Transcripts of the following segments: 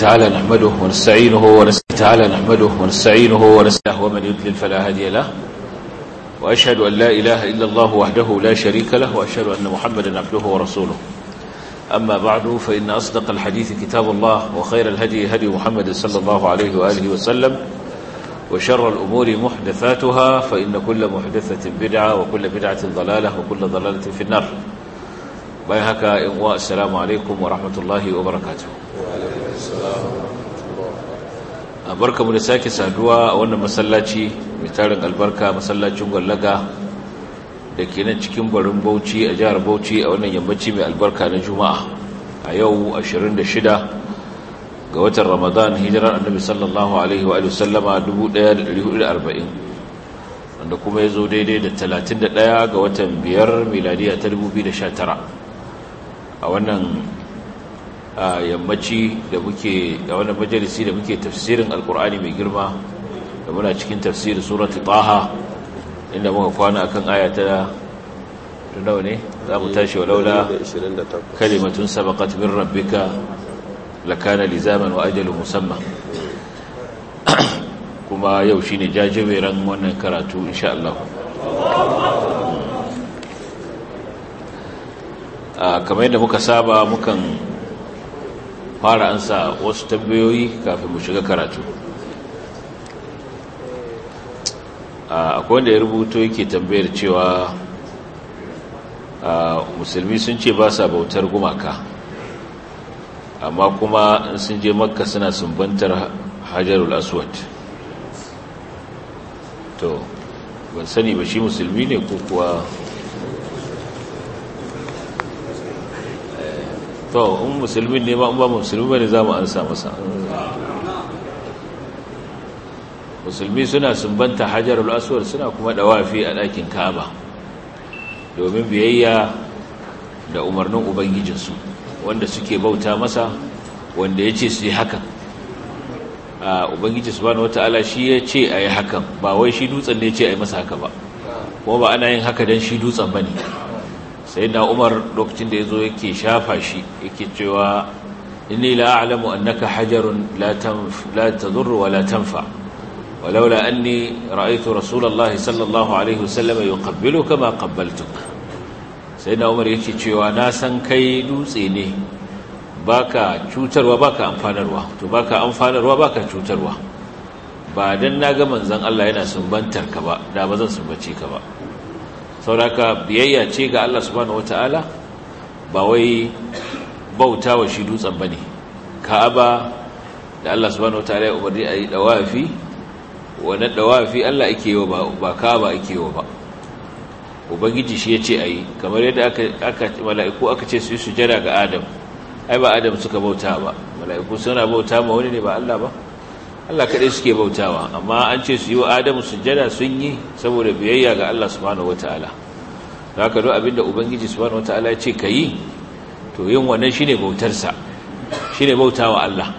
تعالى نحمده ونستعينه ونستعينه تعالى نحمده ونستعينه ونستهده ومن يضلل فلا هادي له وأشهد أن لا إله إلا الله وحده لا شريك له وأشهد أن محمدا عبده ورسوله أما بعد فإن أصدق الحديث كتاب الله وخير الهدي هدي محمد صلى الله عليه وآله وسلم وشر الأمور محدثاتها فإن كل محدثة بدعة وكل بدعة ضلالة وكل ضلالة في النار بايهك إنواء السلام عليكم ورحمة الله وبركاته وعليكم barka mu da sake saduwa a wannan masallaci mai tarin albarka masallacin gwallaga da ke nan cikin barin bauchi a jihar bauchi a wannan yammaci mai albarka na juma'a a yau 26 ga watan ramadan hijirar annabi sallallahu alaihi wa sallama 1440 wanda kuma ya zo daidai da 31 ga watan 5 miladiya ta 2019 a wannan a yammaci da muke da wani majalisi da muke tafsirin alkur'ani mai girma da muna cikin tafsirin surat taha inda muka kwana akan aya ta nawa ne za mu tashi walaula kalimatun sabaqat min rabbika lakana lizaman wa ajalun musamma kuma yau shine jajiberan wannan karatu insha Allah kamar yadda muka saba mukan fara an sa wasu tambayoyi kafin mu shiga karatu akwai wanda ya rubuto yake tambayar cewa a musulmi sun ce ba sa bautar gumaka amma kuma in sun je makka suna sumbantar hajarul aswad to ban sani ba shi musulmi ne ko kuwa to in musulmin ne ba ba musulmi ba ne za mu ansa masa musulmi suna sumbanta hajar aswad suna kuma dawafi a ɗakin kaba domin biyayya da umarnin ubangijinsu wanda suke bauta masa wanda ya ce su yi hakan ubangiji wata ala shi ya ce a yi hakan ba wai shi dutsen ne ce a yi masa haka ba kuma ba ana yin haka don shi dutsen ba ne sai na umar lokacin da ya zo yake shafa shi yake cewa inni la'alamu annaka hajarun la tadurru wa la tanfa walaula anni ra'aytu rasulullahi sallallahu alaihi wasallam yuqabbiluka ma qabbaltuk sai na umar yake cewa na san kai dutse ne baka cutarwa baka amfanarwa to baka amfanarwa baka cutarwa ba dan naga manzon Allah yana sumbantar ka ba da ba zan ka ba sauraka biyayya ce ga Allah subhanahu wata'ala ba wai bauta wa shi dutsen bane ka'aba da Allah subhanahu wata'ala ya umarni a yi dawafi wani dawafi Allah ake yi ba ba ka'aba ake yi ba ubangiji shi ya ce a yi kamar yadda aka mala'iku aka ce su yi sujada ga adam ai ba adam suka bauta ba mala'iku suna bauta ma wani ne ba Allah ba Allah kaɗai suke bautawa amma an ce su yi wa Adamu sujjada sun yi saboda biyayya ga Allah subhanahu wataala da haka duk abinda ubangiji subhanahu wataala ya ce ka yi to yin wannan shine bautarsa shine bautawa Allah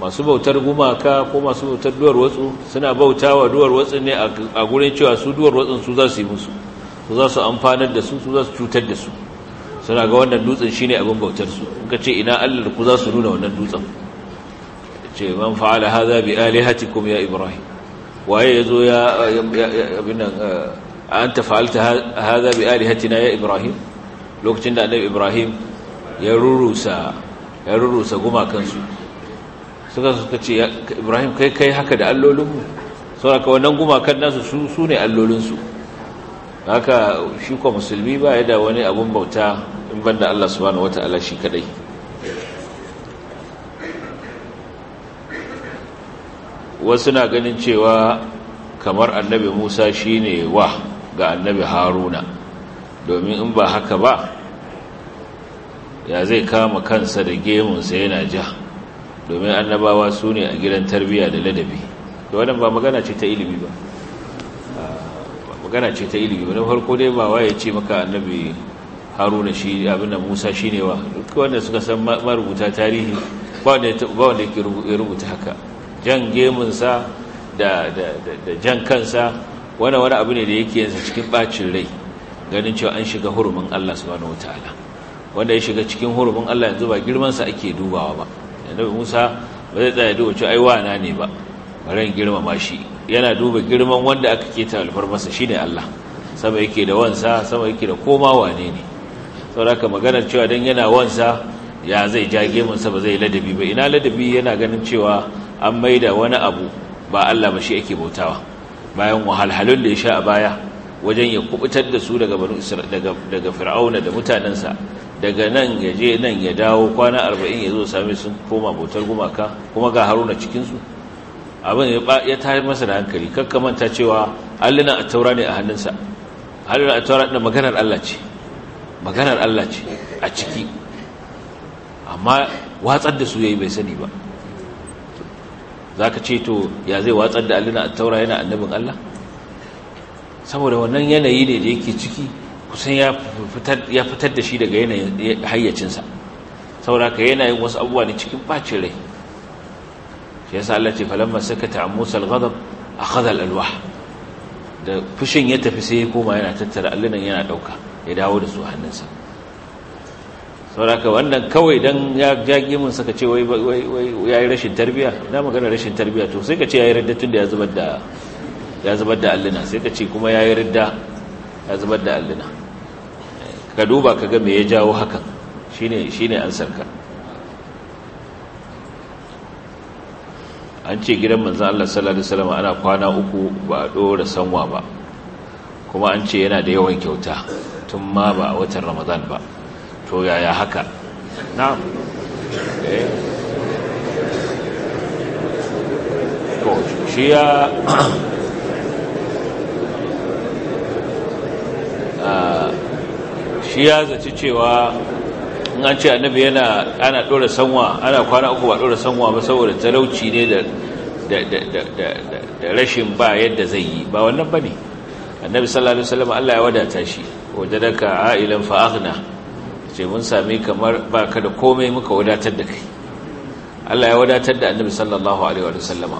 masu bautar gumaka ko masu bautar duwar watsu suna bautawa duwar watsu ne a gurin cewa su duwar watsun su za su yi musu su za su amfanar da su su za su cutar da su suna ga wannan dutsen shine abin bautar su ce ina Allah ku za su nuna wannan dutsen ce man fa'ala hadha bi alihatikum ya ibrahim waye yazo ya abin nan anta fa'alta hadha bi alihatina ya ibrahim lokacin da annabi ibrahim ya rurusa ya rurusa gumakansu suka suka ce ibrahim kai kai haka da allolinmu sauraka wannan gumakan nasu su ne allolinsu haka shi ko musulmi ba ya da wani abun bauta in banda allah subhanahu wata'ala shi kadai wasu na ganin cewa kamar annabi musa shine wa ga annabi haruna domin in ba haka ba ya zai kama kansa da gemunsa yana ja domin annabawa su ne a gidan tarbiyya da ladabi da wadda ba magana ce ta ilimi ba magana ce ta ilimi wani farko dai ba waye ce maka annabi haruna shi abin da musa shi ne wa duk wanda suka san marubuta tarihi ba wanda ya rubuta haka jan gemunsa da jan kansa wani wani abu ne da yake yanzu cikin bacin rai ganin cewa an shiga hurumin Allah subhanahu wataala wanda ya shiga cikin hurumin Allah yanzu ba girmansa ake dubawa ba annabi Musa ba zai tsaya duba cewa ai na ne ba ran girmama shi yana duba girman wanda aka keta alfar masa shine Allah sama yake da wansa sama yake da koma wane ne saboda maganar cewa dan yana wansa ya zai jage mun sa ba zai ladabi ba ina ladabi yana ganin cewa an da wani abu ba Allah ba shi ake bautawa bayan wahalhalun da ya sha a baya wajen ya kubutar da su daga fir'auna da mutanensa daga nan ya je nan ya dawo kwana arba'in ya zo sami sun koma bautar gumaka kuma ga haruna cikinsu abin ya tayar masa da hankali kakkamanta cewa allina a taura ne a hannunsa allina a taura da maganar Allah ce maganar Allah ce a ciki amma watsar da su ya yi bai sani ba za ka ce to ya zai watsar da alluna a taura yana annabin allah saboda wannan yanayi ne da yake ciki kusan ya fitar da shi daga yanayin hayyacinsa saboda ka yanayin wasu abubuwa ne cikin bacin rai shi yasa allah ce falamma sakata a musal gadab a khadal alwa da fushin ya tafi sai ya koma yana tattara allinan yana ɗauka ya dawo da su hannunsa sauraka wannan kawai don ya jage mun saka ce wai ya yi rashin tarbiya na magana rashin tarbiya to sai ka ce ya yi radda tun da ya zubar da allina sai ka ce kuma ya yi radda ya zubar da allina ka duba ka ga me ya jawo hakan shi ne an sarka an ce gidan manzan Allah sallallahu Alaihi wasallam ana kwana uku ba a ɗora sanwa ba kuma an ce yana da yawan kyauta tun ma ba a watan ramadan ba to yaya haka na eh. to shi ya ah, shi ya zaci cewa in an ce annabi yana ana dora sanwa ana kwana uku ba dora sanwa ba saboda talauci ne da da rashin ba yadda zai yi ba wannan ba ne annabi sallallahu alaihi wasallam Allah ya wadata shi wajadaka ailan fa sai mun sami kamar ba ka da komai muka wadatar da kai Allah ya wadatar da annabi sallallahu alaihi wa sallama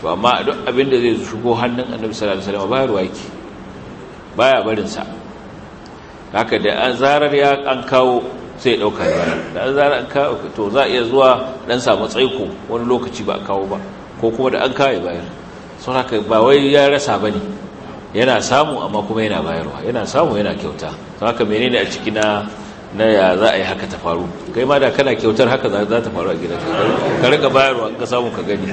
to amma duk abin da zai shigo hannun annabi sallallahu alaihi wa sallama bayarwa yake baya barin sa haka da an zarar ya an kawo sai dauka bayar da an zarar an kawo to za iya zuwa dan samu tsaiko wani lokaci ba kawo ba ko kuma da an kawo bayar saboda ba wai ya rasa bane yana samu amma kuma yana bayarwa yana samu yana kyauta don haka menene a ciki na ya za a yi haka ta faru kai ma da kana kyautar haka za ta faru a gidanka ka rika bayarwa ka samu ka gani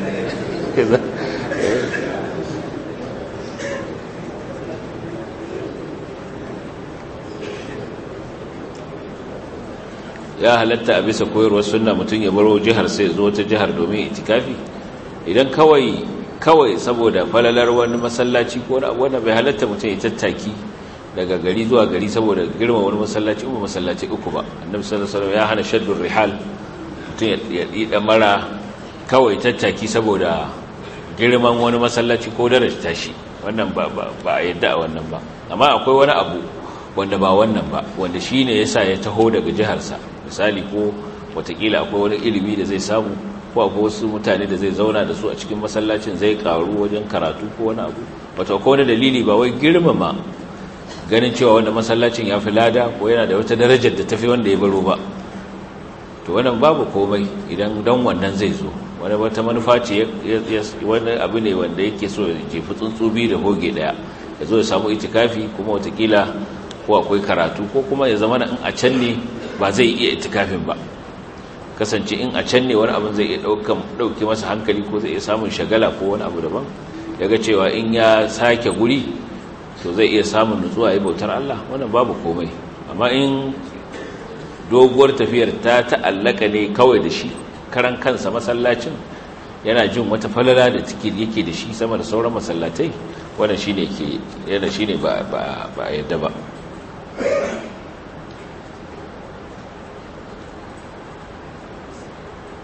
ya halatta a bisa koyarwar sunna mutum ya baro jihar sai zo ta jihar domin itikafi idan kawai kawai saboda falalar wani masallaci ko wanda bai halatta mutum ya tattaki daga gari zuwa gari saboda girma wani masallaci ko masallaci uku ba annabi sallallahu alaihi ya hana shaddun rihal mutum ya dida mara kawai tattaki saboda girman wani masallaci ko daraja tashi wannan ba ba yadda yadda wannan ba amma akwai wani abu wanda ba wannan ba wanda shine yasa ya taho daga jiharsa misali ko watakila akwai wani ilimi da zai samu ko akwai wasu mutane da zai zauna da su a cikin masallacin zai karu wajen karatu ko wani abu wato ko wani dalili ba wai girmama ganin cewa wanda masallacin ya fi lada ko yana da wata darajar da tafi wanda ya baro ba to wannan babu komai idan dan wannan zai zo wani wata manufa ce wani abu ne wanda yake so ya jefa tsuntsubi da goge daya ya zo ya samu itikafi kuma watakila ko akwai karatu ko kuma ya zama in a can ne ba zai iya itikafin ba kasance in a can ne wani abin zai iya ɗauki masa hankali ko zai iya samun shagala ko wani abu daban ya ga cewa in ya sake guri to zai iya samun nutsuwa ya bautar Allah wannan babu komai amma in doguwar tafiyar ta ta'allaka ne kawai da shi karan kansa masallacin yana jin wata falala da yake da shi sama da sauran masallatai wannan shine ke yana shine ba ba yadda ba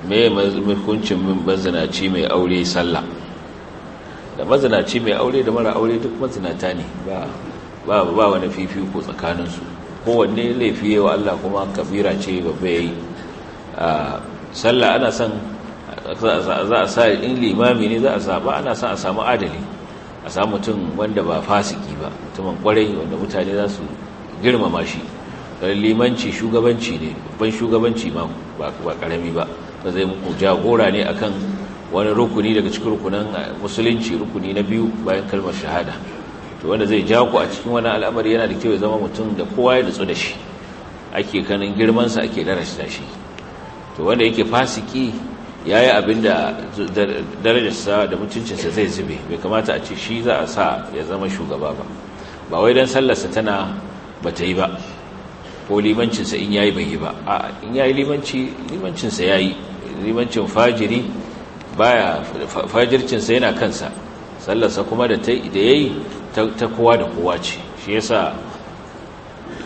me hukuncin mazinaci mai aure sallah da mazinaci mai aure da mara aure duk mazinata ne ba ba wani fifiko tsakaninsu kowanne laifi yawa Allah kuma kabira ce babba yayi sallah ana son za a sa in limami ne za a ba ana son a samu adali a samu mutum wanda ba fasiki ba mutumin kwarai wanda mutane za su girmama shi limanci shugabanci ne babban shugabanci ma ba karami ba ta zai muku jagora ne akan wani rukuni daga cikin rukunan eh, musulunci rukuni na biyu bayan kalmar shahada to wanda zai ja ku a cikin wani al'amari yana da kyau ya zama mutum da kowa ya nutsu da shi ake kanin girmansa ake darasta shi to wanda yake fasiki ya yi abin da darajarsa da mutuncinsa zai zube bai kamata a ce shi za a sa ya zama shugaba ba ba wai don sallarsa tana ba ta yi ba ko limancinsa in yayi bai yi ba a in yayi limanci limancinsa ya yi ribancin fajiri baya fajircinsa yana kansa sallarsa kuma da ta yayi ta kowa da kowa ce shi yasa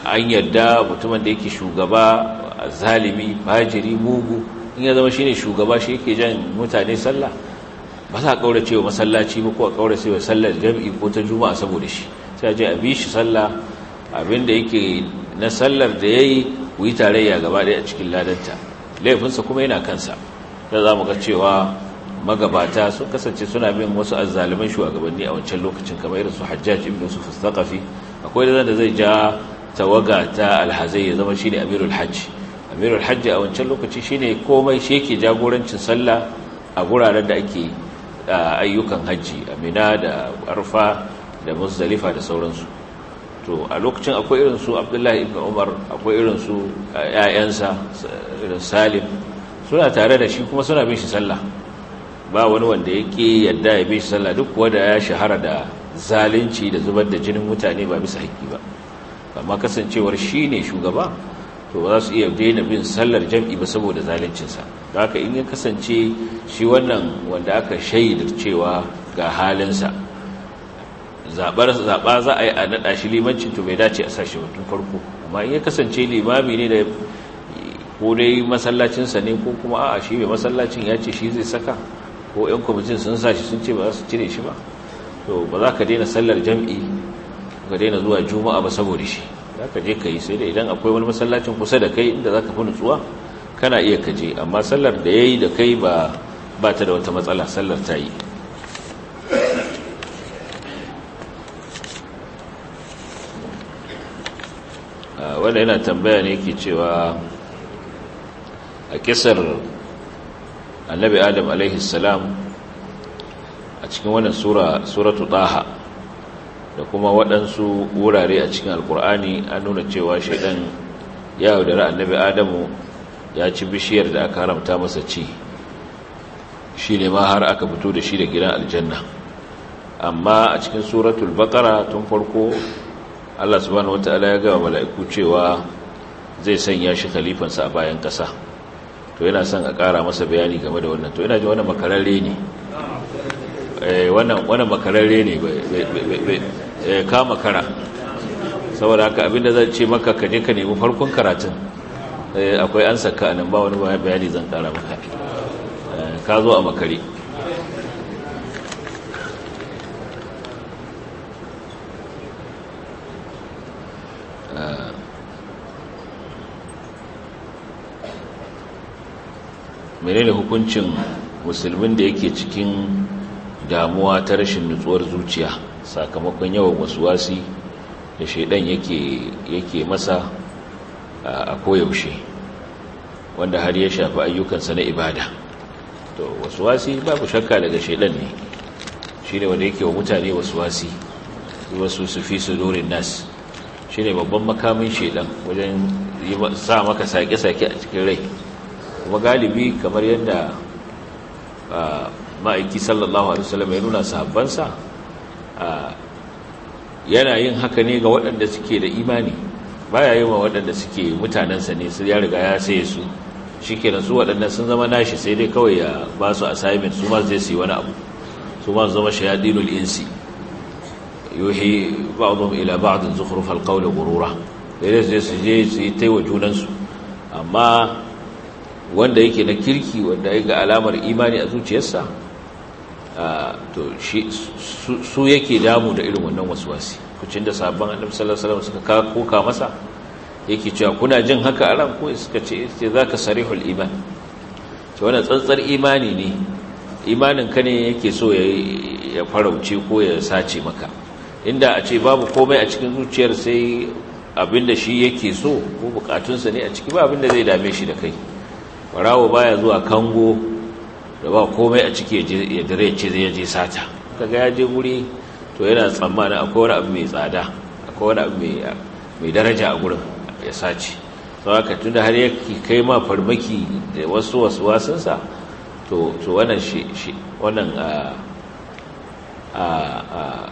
an yarda mutumin da yake shugaba zalimi fajiri mugu in ya zama shine shugaba shi yake jan mutane sallah ba za a kaura cewa masallaci ba ko a kaura cewa sallar jam'i ko ta juma'a saboda shi sai a je a bi shi sallah abinda yake na sallar da yayi ku yi tarayya gaba ɗaya a cikin ladanta laifinsa kuma yana kansa da za mu ga cewa magabata sun kasance suna bin wasu azzaliman shugabanni a wancan lokacin kamar irin su hajjaj ibn yusuf al-thaqafi akwai da zai ja tawaga ta alhazai ya zama shine amirul hajji amirul hajji a wancan lokaci shine komai shi yake jagorancin sallah a guraren da ake ayyukan hajji amina da arfa da muzdalifa da sauransu to a lokacin akwai irin su abdullahi ibn umar akwai irin su ƴaƴansa irin salim suna tare da shi kuma suna bin shi sallah ba wani wanda yake yadda ya bin shi sallah duk wanda ya shahara da zalunci da zubar da jinin mutane ba bisa haƙƙi ba amma kasancewar shi ne shugaba to ba za su iya daina bin sallar jam'i ba saboda zaluncinsa da haka in ya kasance shi wannan wanda aka shaidar cewa ga halinsa zabar zaba za a yi a nada shi limanci to bai dace a sashi mutum farko amma in ya kasance limami ne da ko dai masallacinsa ne ko kuma a'a shi mai masallacin ya ce shi zai saka ko 'yan kwamitin sun sa sun ce ba za su cire shi ba to ba za ka daina sallar jam'i ka daina zuwa juma'a ba saboda shi za ka je ka yi sai da idan akwai wani masallacin kusa da kai inda za ka fi nutsuwa kana iya ka je amma sallar da ya yi da kai ba ba ta da wata matsala sallar ta yi wanda yana tambaya ne ke cewa a kisar annabi adam alaihi salam a cikin wannan suratu taha da kuma waɗansu wurare a cikin alkur'ani an nuna cewa shaidan ya yaudara annabi adamu ya ci bishiyar da aka haramta masa ci shi ne ma har aka fito da shi da gidan aljanna amma a cikin suratul bakara tun farko Allah subhanahu wataala ya gaba mala'iku cewa zai sanya shi khalifansa a bayan ƙasa to yana son a ƙara masa bayani game da wannan to yana ji wani makararre ne eh, wani makararre ne eh, ka makara saboda haka abinda zan ce maka ka je ka nemi farkon karatun eh, akwai an saka nan ba wani bayani zan ƙara maka ka zo a makare menene hukuncin musulmin da yake cikin damuwa ta rashin nutsuwar zuciya sakamakon yawan wasuwasi da shaidan yake masa a koyaushe wanda har ya shafi ayyukansa na ibada to wasuwasi babu shakka daga shaidan ne shi ne wanda yake wa mutane wasi wasu su fi su dorin nas shi ne babban makamin shaidan wajen sa maka sake-sake a cikin rai kuma galibi kamar yadda ma'aiki sallallahu alaihi wasallam ya nuna sahabbansa yana yin haka ne ga waɗanda suke da imani baya yi wa waɗanda suke mutanensa ne su ya riga ya saye su shikenan su waɗannan sun zama nashi sai dai kawai ya ba su assignment su ma zai su wani abu su ma zama shayadinul insi yuhi ba'dhum ila ba'd zukhruf al-qawl ghurura dai su je su yi taiwa junansu amma wanda yake na kirki wanda ga alamar imani a zuciyarsa to su yake damu da irin wannan wasi? kucin da sabon annabi sallallahu suka koka masa yake cewa kuna jin haka a ran ko suka ce sai zaka sarihul iman to wannan tsantsar imani ne imanin ka ne yake so ya farauce ko ya sace maka inda a ce babu komai a cikin zuciyar sai abinda shi yake so ko bukatunsa ne a ciki ba abinda zai dame shi da kai farawo baya zuwa kango da ba komai a ciki ya dare ce zai je sata kaga ya je guri to yana tsammanin akwai wani abu mai tsada akwai wani abu mai daraja a gurin ya sace sauraka tun da har ya kai ma farmaki da wasu wasu wasansa to wannan shi wannan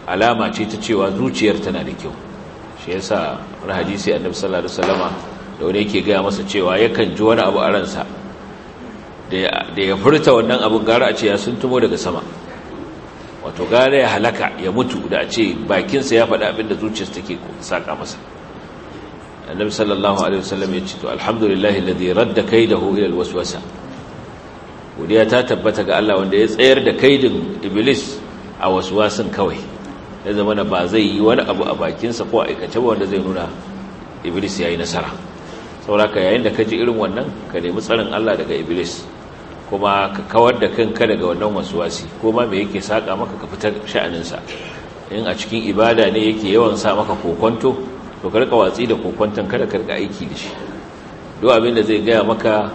alama ce ta cewa zuciyar tana da kyau shi yasa wani hadisi annabi sallallahu alaihi wasallama da wani yake gaya masa cewa yakan ji wani abu a ransa da ya furta wannan abin gara a ce ya sun tumo daga sama wato gara ya halaka ya mutu da a ce bakinsa ya faɗa abin da zuciyarsa take saƙa masa annabi sallallahu alaihi wasallam ya ce to alhamdulillahi alladhi radda kaidahu ila alwaswasa godiya ta tabbata ga Allah wanda ya tsayar da kaidin iblis a waswasin kawai ya zama na ba zai yi wani abu a bakinsa ko a aikace ba wanda zai nuna iblis ya yi nasara sauraka yayin da ka ji irin wannan ka nemi tsarin Allah daga iblis kuma ka kawar da kanka daga wannan wasu wasuwasi ko ma me yake saka maka ka fitar sha'aninsa in a cikin ibada ne yake yawan sa maka kokonto to ka rika watsi da kokonton kada ka rika aiki da shi duk abin da zai gaya maka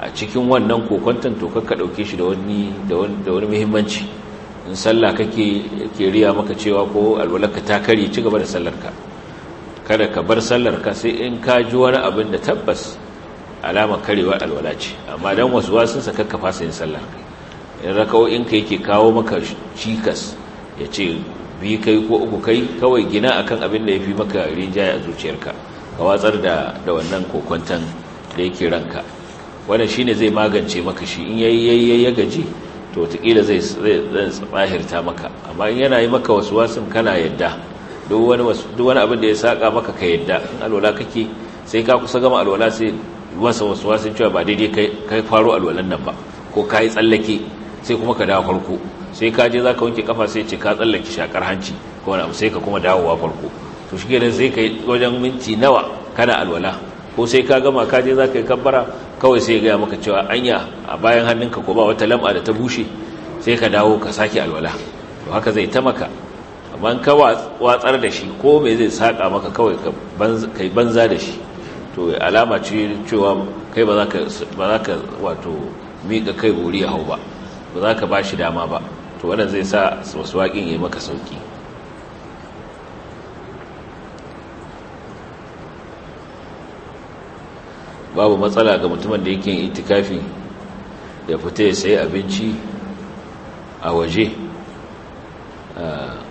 a cikin wannan kokonton to ka dauke shi da wani da wani muhimmanci in sallah kake ke riya maka cewa ko alwalaka ta kare ci gaba da sallarka kada ka bar sallarka sai in ka ji wani abin da tabbas alamar karewar alwala ce amma dan wasu wasu sun saka fasa yin sallar in in ka yake kawo maka cikas ya ce bi kai ko uku kai kawai gina akan abin da ya fi maka rinjaye a zuciyarka ka watsar da da wannan kokwantan da yake ranka wannan shine zai magance maka shi in yayi ya gaji to watakila zai tsahirta maka amma in yana yi maka wasu wasun kana yadda duk wani abin da ya saka maka ka yadda in alwala kake sai ka kusa gama alwala sai masa wasu cewa ba daidai kai faro alwalan nan ba ko ka yi tsallake sai kuma ka dawo farko sai ka je za ka wanke kafa sai ce ka tsallake shakar hanci ko wani abu sai ka kuma wa farko to shi kenan sai ka yi wajen minti nawa kana alwala ko sai ka gama ka je za ka yi kabbara kawai sai ya gaya maka cewa anya a bayan hannunka ko ba wata lam'a da ta bushe sai ka dawo ka sake alwala to haka zai ta maka amma ka watsar da shi ko me zai saka maka kawai ka banza da shi to alama ce cewa kai ba za ka wato miƙa kai buri ya hau ba ba za ka ba shi dama ba to wannan zai sa wasu waƙin ya maka sauƙi babu matsala ga mutumin da yake itikafi ya fita ya sayi abinci a waje ah,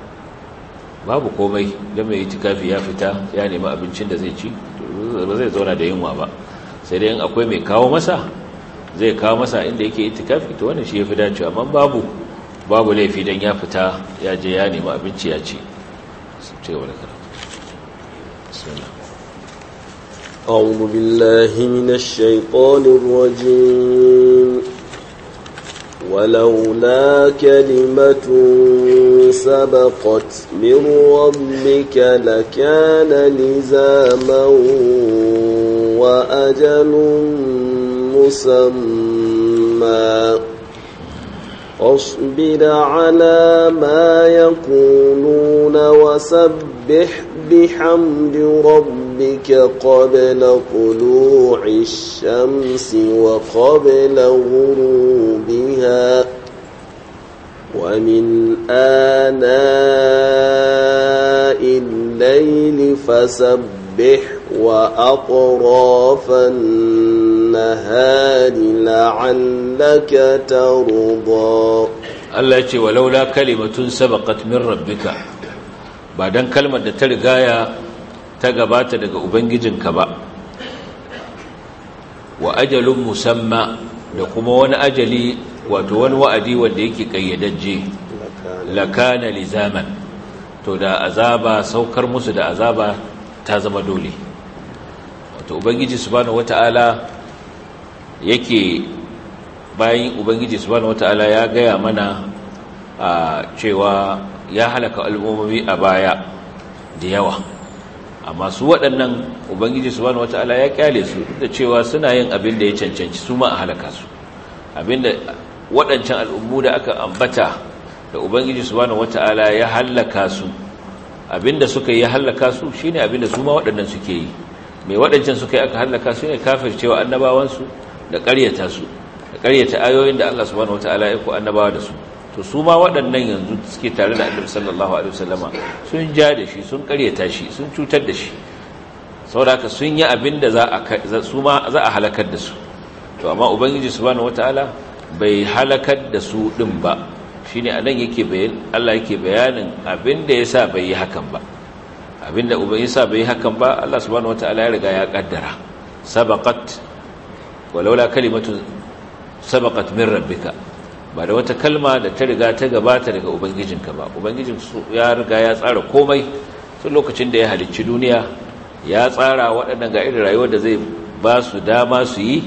babu komai don mai itikafi ya fita ya nemi abincin da zai ci to ba zai zauna da yunwa ba sai dai akwai mai kawo masa zai kawo masa inda yake itikafi to wannan shi ya fi dacewa amma babu babu laifi don ya fita ya je ya nemi abinci ya ci ce na أعوذ ولولا كلمة سبقت من ربك لكان لزاما وأجل مسمى اصبر على ما يقولون وسبح فسبح بحمد ربك قبل طلوع الشمس وقبل غروبها ومن آناء الليل فسبح وأطراف النهار لعلك ترضى الله يقول ولولا كلمة سبقت من ربك ba don kalmar da ta rigaya ta gabata daga ubangijinka ba wa ajalin musamma da kuma wani ajali wato wani wa'adi wanda yake kayyadajje lakana lizaman to da azaba saukar musu da azaba ta zama dole wato ubangiji subhanahu wata'ala yake bayan ubangiji subhanahu wata'ala ya gaya mana a cewa ya halaka al'ummomi a baya da yawa amma su waɗannan ubangiji subhanahu wataala ya kyale su da cewa suna yin abin da ya cancanci su ma a halaka su abinda waɗancan al'ummu da aka ambata da ubangiji subhanahu wataala ya halaka su abinda suka yi halaka su shine abinda su ma waɗannan suke yi mai waɗancan suka yi aka halaka su ne cewa annabawansu da ƙaryata su da ƙaryata ayoyin da Allah subhanahu wataala ya ku annabawa da su to su ma waɗannan yanzu suke tare da annabi sallallahu alaihi wasallama sun ja da shi sun karyata shi sun cutar da shi saboda sun yi abin da za a su ma za a halakar da su to amma ubangiji subhanahu wataala bai halakar da su din ba shine anan yake bayan Allah yake bayanin abin da yasa bai yi hakan ba abin da ubangiji yasa bai yi hakan ba Allah subhanahu wataala ya riga ya kaddara sabaqat walaula kalimatu sabaqat min rabbika ba da wata kalma da ta riga ta gabata daga ubangijinka ba ubangijin ya riga ya tsara komai tun lokacin da ya halicci duniya ya tsara waɗannan ga irin rayuwar da zai ba su dama su yi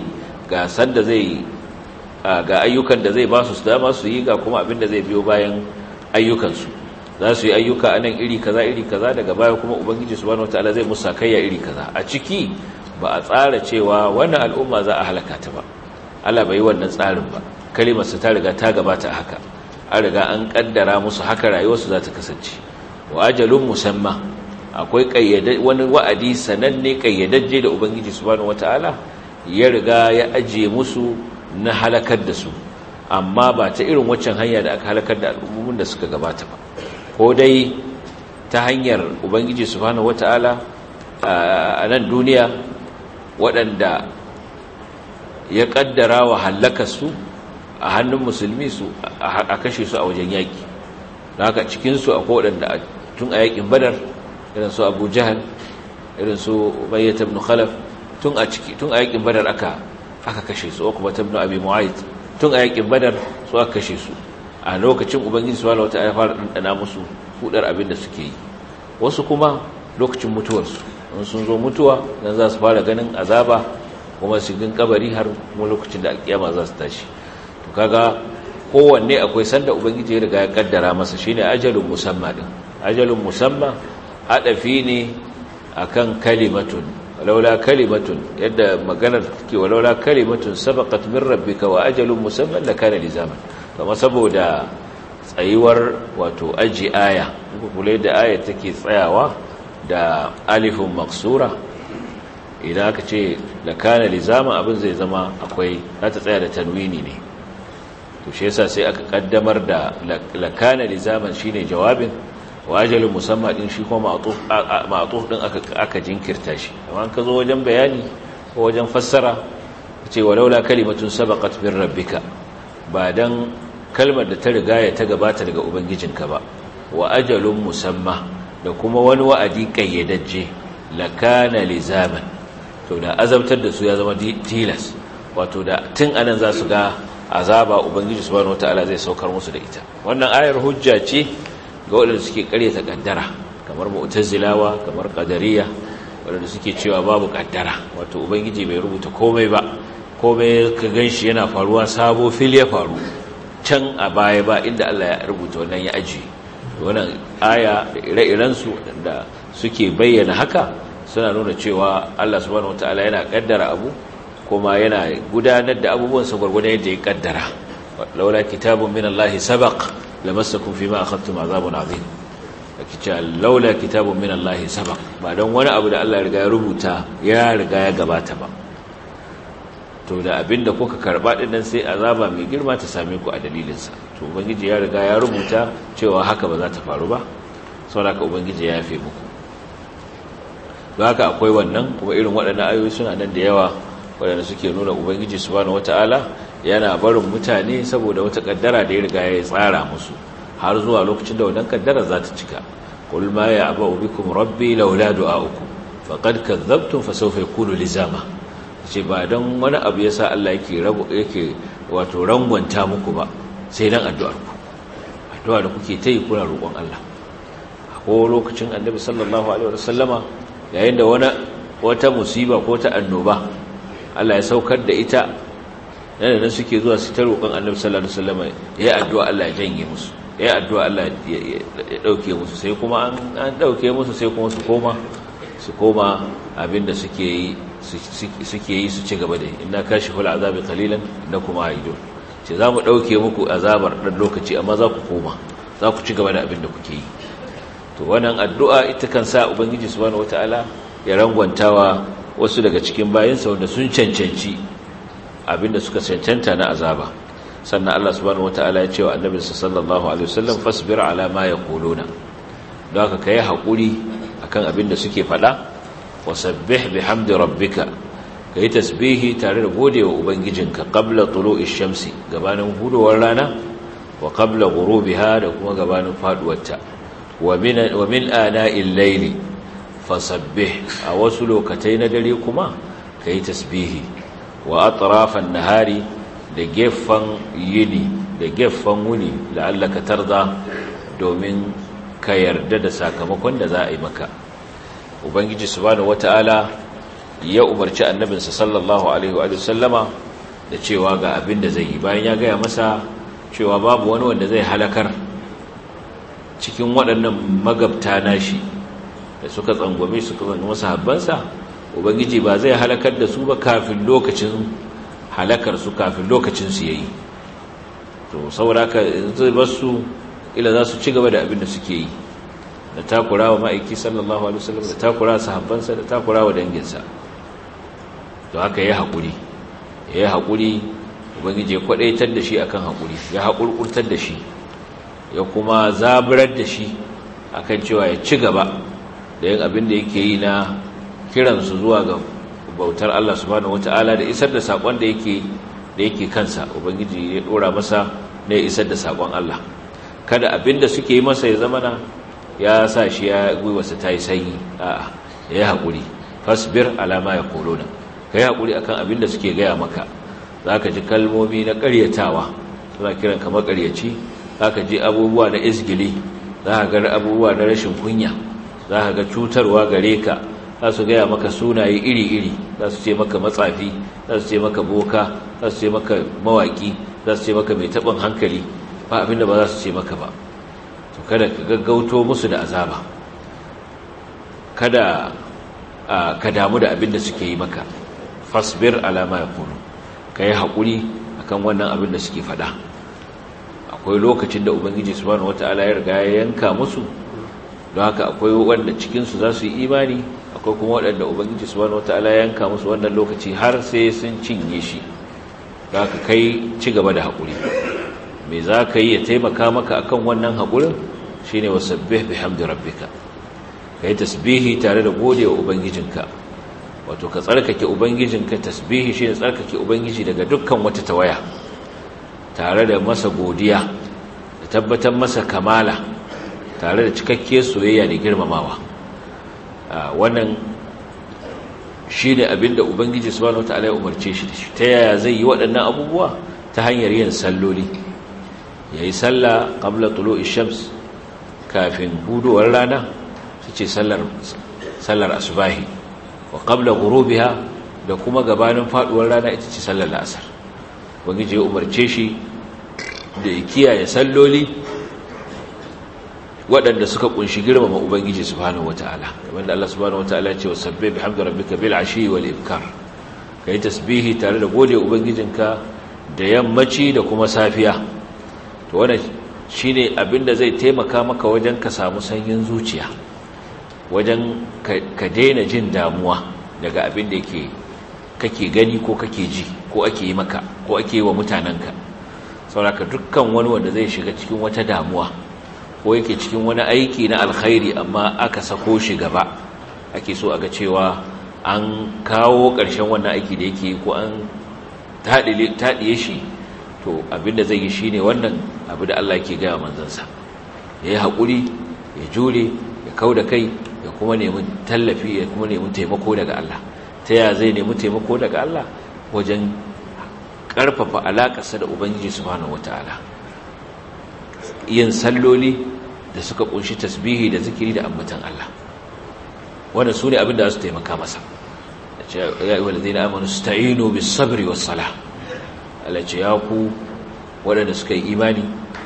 ga sanda zai ga ayyukan da zai ba su dama su yi ga kuma abin da zai biyo bayan ayyukansu za su yi ayyuka a nan iri kaza iri kaza daga baya kuma ubangiji bane wataala zai musa kayya iri kaza a ciki ba a tsara cewa wannan al'umma za a halaka ta ba Allah bai yi wannan tsarin ba kalimarsa ta riga ta gabata a haka an riga an kaddara musu haka rayuwarsu za ta kasance wa ajalun musamma akwai wani wa'adi sananne kayyadajje da ubangiji subhanahu wataala ya riga ya ajiye musu na halakar da su amma ba ta irin waccan hanya da aka halakar da al'ummomin da suka gabata ba ko dai ta hanyar ubangiji subhanahu wataala a nan duniya waɗanda ya ƙaddara wa hallaka su a hannun musulmi su a kashe su a wajen yaƙi da haka cikinsu a kowaɗanda tun a yaƙin badar irin su abu jihar irin su bayyata ibn khalaf tun a yaƙin badar aka kashe su wa kuma tabnu abi mu'ayyid tun a yaƙin badar su aka kashe su a lokacin ubangiji subhanahu wata ya fara ɗanɗana musu hudar abin da suke yi wasu kuma lokacin mutuwarsu in sun zo mutuwa dan za su fara ganin azaba kuma su gin kabari har kuma lokacin da alƙiyama za su tashi kaga kowanne akwai sanda ubangiji ya riga ya kaddara masa shine ajalun musamma din ajalun musamma adafi ne akan kalimatun laula kalimatun yadda maganar take laula kalimatun sabaqat min rabbika wa ajalun musamma lakana lizaman kuma saboda tsayuwar wato aji aya kule da aya take tsayawa da alifun maksura idan aka ce da kana lizama abin zai zama akwai za ta tsaya da tanwini ne to shi yasa sai aka kaddamar da lakana lizaman shine jawabin wa ajalin musamman din shi kuma ma'tuf din aka jinkirta shi amma ka zo wajen bayani ko wajen fassara ce walaula kalimatun sabaqat bir rabbika ba dan kalmar da ta riga ya ta gabata daga ubangijinka ba wa ajalin musamman da kuma wani wa'adi kayyadajje lakana lizaman to da azabtar da su ya zama tilas wato da tun anan za su ga azaba ubangiji subhanahu wataala zai saukar musu da ita wannan ayar hujja ce ga waɗanda suke karyata ƙaddara kamar mu'tazilawa kamar qadariya waɗanda suke cewa babu ƙaddara wato ubangiji bai rubuta komai ba komai ka ganshi yana faruwa sabo fili ya faru can a baya ba inda Allah ya rubuta wannan ya aji wannan aya da ire-iren su da suke bayyana haka suna nuna cewa Allah subhanahu wataala yana ƙaddara abu kuma yana gudanar da abubuwansa gwargwadon yadda ya kaddara laula kitabun min Allah sabaq lamassakum fima akhadtum azabun azim kica laula kitabun min Allah sabaq ba dan wani abu da Allah ya riga ya rubuta ya riga ya gabata ba to da abinda kuka karba din sai azaba mai girma ta same ku a dalilinsa sa to ubangiji ya riga ya rubuta cewa haka ba za ta faru ba saboda ubangiji ya yafe muku don haka akwai wannan kuma irin waɗannan ayoyi suna nan da yawa waɗanda suke nuna ubangiji bani wata'ala yana barin mutane saboda wata ƙaddara da ya riga ya tsara musu har zuwa lokacin da wannan kaddara za ta cika qul ma aba bikum rabbi laula du'a'ukum faqad kadhabtum fasawfa yakunu lizama ce ba dan wani abu yasa Allah yake rabu yake wato rangwanta muku ba sai dan addu'ar ku addu'a da kuke ta yi kuna roƙon Allah A ko lokacin annabi sallallahu alaihi wasallama yayin da wani wata musiba ko ta annoba Allah ya saukar da ita yana da suke zuwa su ta roƙon annabi sallallahu alaihi wasallam ya addu'a Allah ya janye musu ya addu'a Allah ya dauke musu sai kuma an dauke musu sai kuma su koma su koma abinda suke yi suke yi su ci gaba da inna kashiful azabi qalilan kuma aidun ce za mu dauke muku azabar dan lokaci amma za ku koma za ku ci gaba da abinda kuke yi to wannan addu'a ita kan sa ubangiji subhanahu wataala ya rangwantawa wasu daga cikin bayansa wanda sun cancanci abinda suka cancanta na azaba sannan Allah subhanahu wataala ya ce wa annabi sallallahu alaihi wasallam fasbir ala ma yaquluna don haka kai hakuri akan abinda suke fada wasabbih bihamdi rabbika kai tasbihi tare da godewa ubangijinka qabla tulu'i shamsi gabanin hudowar rana wa qabla ghurubiha da kuma gabanin ta. wa min wa min ana'il fasabbih a wasu lokatai na dare kuma ka yi tasbihi wa atrafan nahari da gefen yini da gefen wuni la'allaka tarda domin ka yarda da sakamakon da za a yi maka ubangiji subhanahu wata'ala ya umarci annabinsa sallallahu alaihi wa sallama da cewa ga abin da zai yi bayan ya gaya masa cewa babu wani wanda zai halakar cikin waɗannan magabta nashi da suka tsangwame suka tsangwame sahabbansa ubangiji ba zai halakar da su ba kafin lokacin halakar su kafin lokacin su yayi to sauraka zai bar su ila za su ci gaba da abin da suke yi da wa ma'aiki sallallahu alaihi wasallam da takura sahabbansa da wa danginsa to haka yayi hakuri yayi hakuri ubangiji ya kwadaitar da shi akan hakuri ya hakurkurtar da shi ya kuma zabrar da shi akan cewa ya ci gaba da yin abin da yake yi na kiransu zuwa ga bautar Allah subhanahu wata'ala da isar da sakon da yake da yake kansa ubangiji ya dora masa ne isar da sakon Allah kada abin da suke yi masa ya zama na ya sa shi ya gwiwarsa ta yi sanyi a'a ya yi haƙuri fasbir alama ya korona ka yi haƙuri akan abin da suke gaya maka za ka ji kalmomi na ƙaryatawa suna kiran ka makaryaci za ka ji abubuwa na izgili za ka ga abubuwa na rashin kunya za ka ga cutarwa gare ka za su gaya maka sunaye iri-iri za su ce maka matsafi za su ce maka boka za su ce maka mawaki za su ce maka mai taɓin hankali ba abinda ba za su ce maka ba to kada ka gaggauto musu da azaba kada ka damu da abin da suke yi maka fasbir alama ya kunu ka yi haƙuri akan wannan abin da suke faɗa akwai lokacin da ubangiji subhanahu wata'ala ya riga ya yanka musu don haka akwai waɗanda cikinsu za su yi imani akwai kuma waɗanda ubangiji subhanahu wataala yanka musu wannan lokaci har sai sun cinye shi don haka kai ci gaba da haƙuri me za ka yi ya taimaka maka akan wannan haƙurin shi ne wasu wasabbih ka. rabbika yi tasbihi tare da gode wa ubangijinka wato ka tsarkake ubangijinka tasbihi shi shine tsarkake ubangiji daga dukkan wata tawaya tare da masa godiya da tabbatar masa kamala tare da cikakke soyayya da girmamawa wannan shi ne abinda ubangiji subhanahu wataala ya umarce shi da shi ta yaya zai yi waɗannan abubuwa ta hanyar yin salloli yayi sallah qabla tulu'i shams kafin hudowar rana su ce sallar sallar asubahi wa qabla ghurubiha da kuma gabanin faɗuwar rana ita ce sallar la'asar. ubangiji ya umarce shi da ya kiyaye salloli waɗanda suka ƙunshi girmama ubangiji subhanahu wataala kamar da Allah subhanahu wataala ya ce wa sabbi bihamdi rabbika bil ashi wal ibkar kai tasbihi tare da gode ubangijinka da yammaci da kuma safiya to wannan abin da zai taimaka maka wajen ka samu sanyin zuciya wajen ka daina jin damuwa daga abin da yake kake gani ko kake ji ko ake yi maka ko ake yi wa mutanenka sauraka dukkan wani wanda zai shiga cikin wata damuwa ko yake cikin wani aiki na alkhairi amma aka sako shi gaba ake so a ga cewa an kawo ƙarshen wannan aiki da yake ko an taɗiye shi to abinda zai yi shi ne wannan abu da Allah ke gaya manzansa ya yi haƙuri ya jure ya kau da kai ya kuma nemi tallafi ya kuma nemi taimako daga Allah ta ya zai nemi taimako daga Allah wajen ƙarfafa alaƙarsa da Ubangiji subhanahu wataala yin salloli da suka kunshi tasbihi da zikiri da ambatan Allah wanda su ne abin da su taimaka masa ya yi na amonu sta'inu bis sabri was sala Allah ce ya ku waɗanda suka yi imani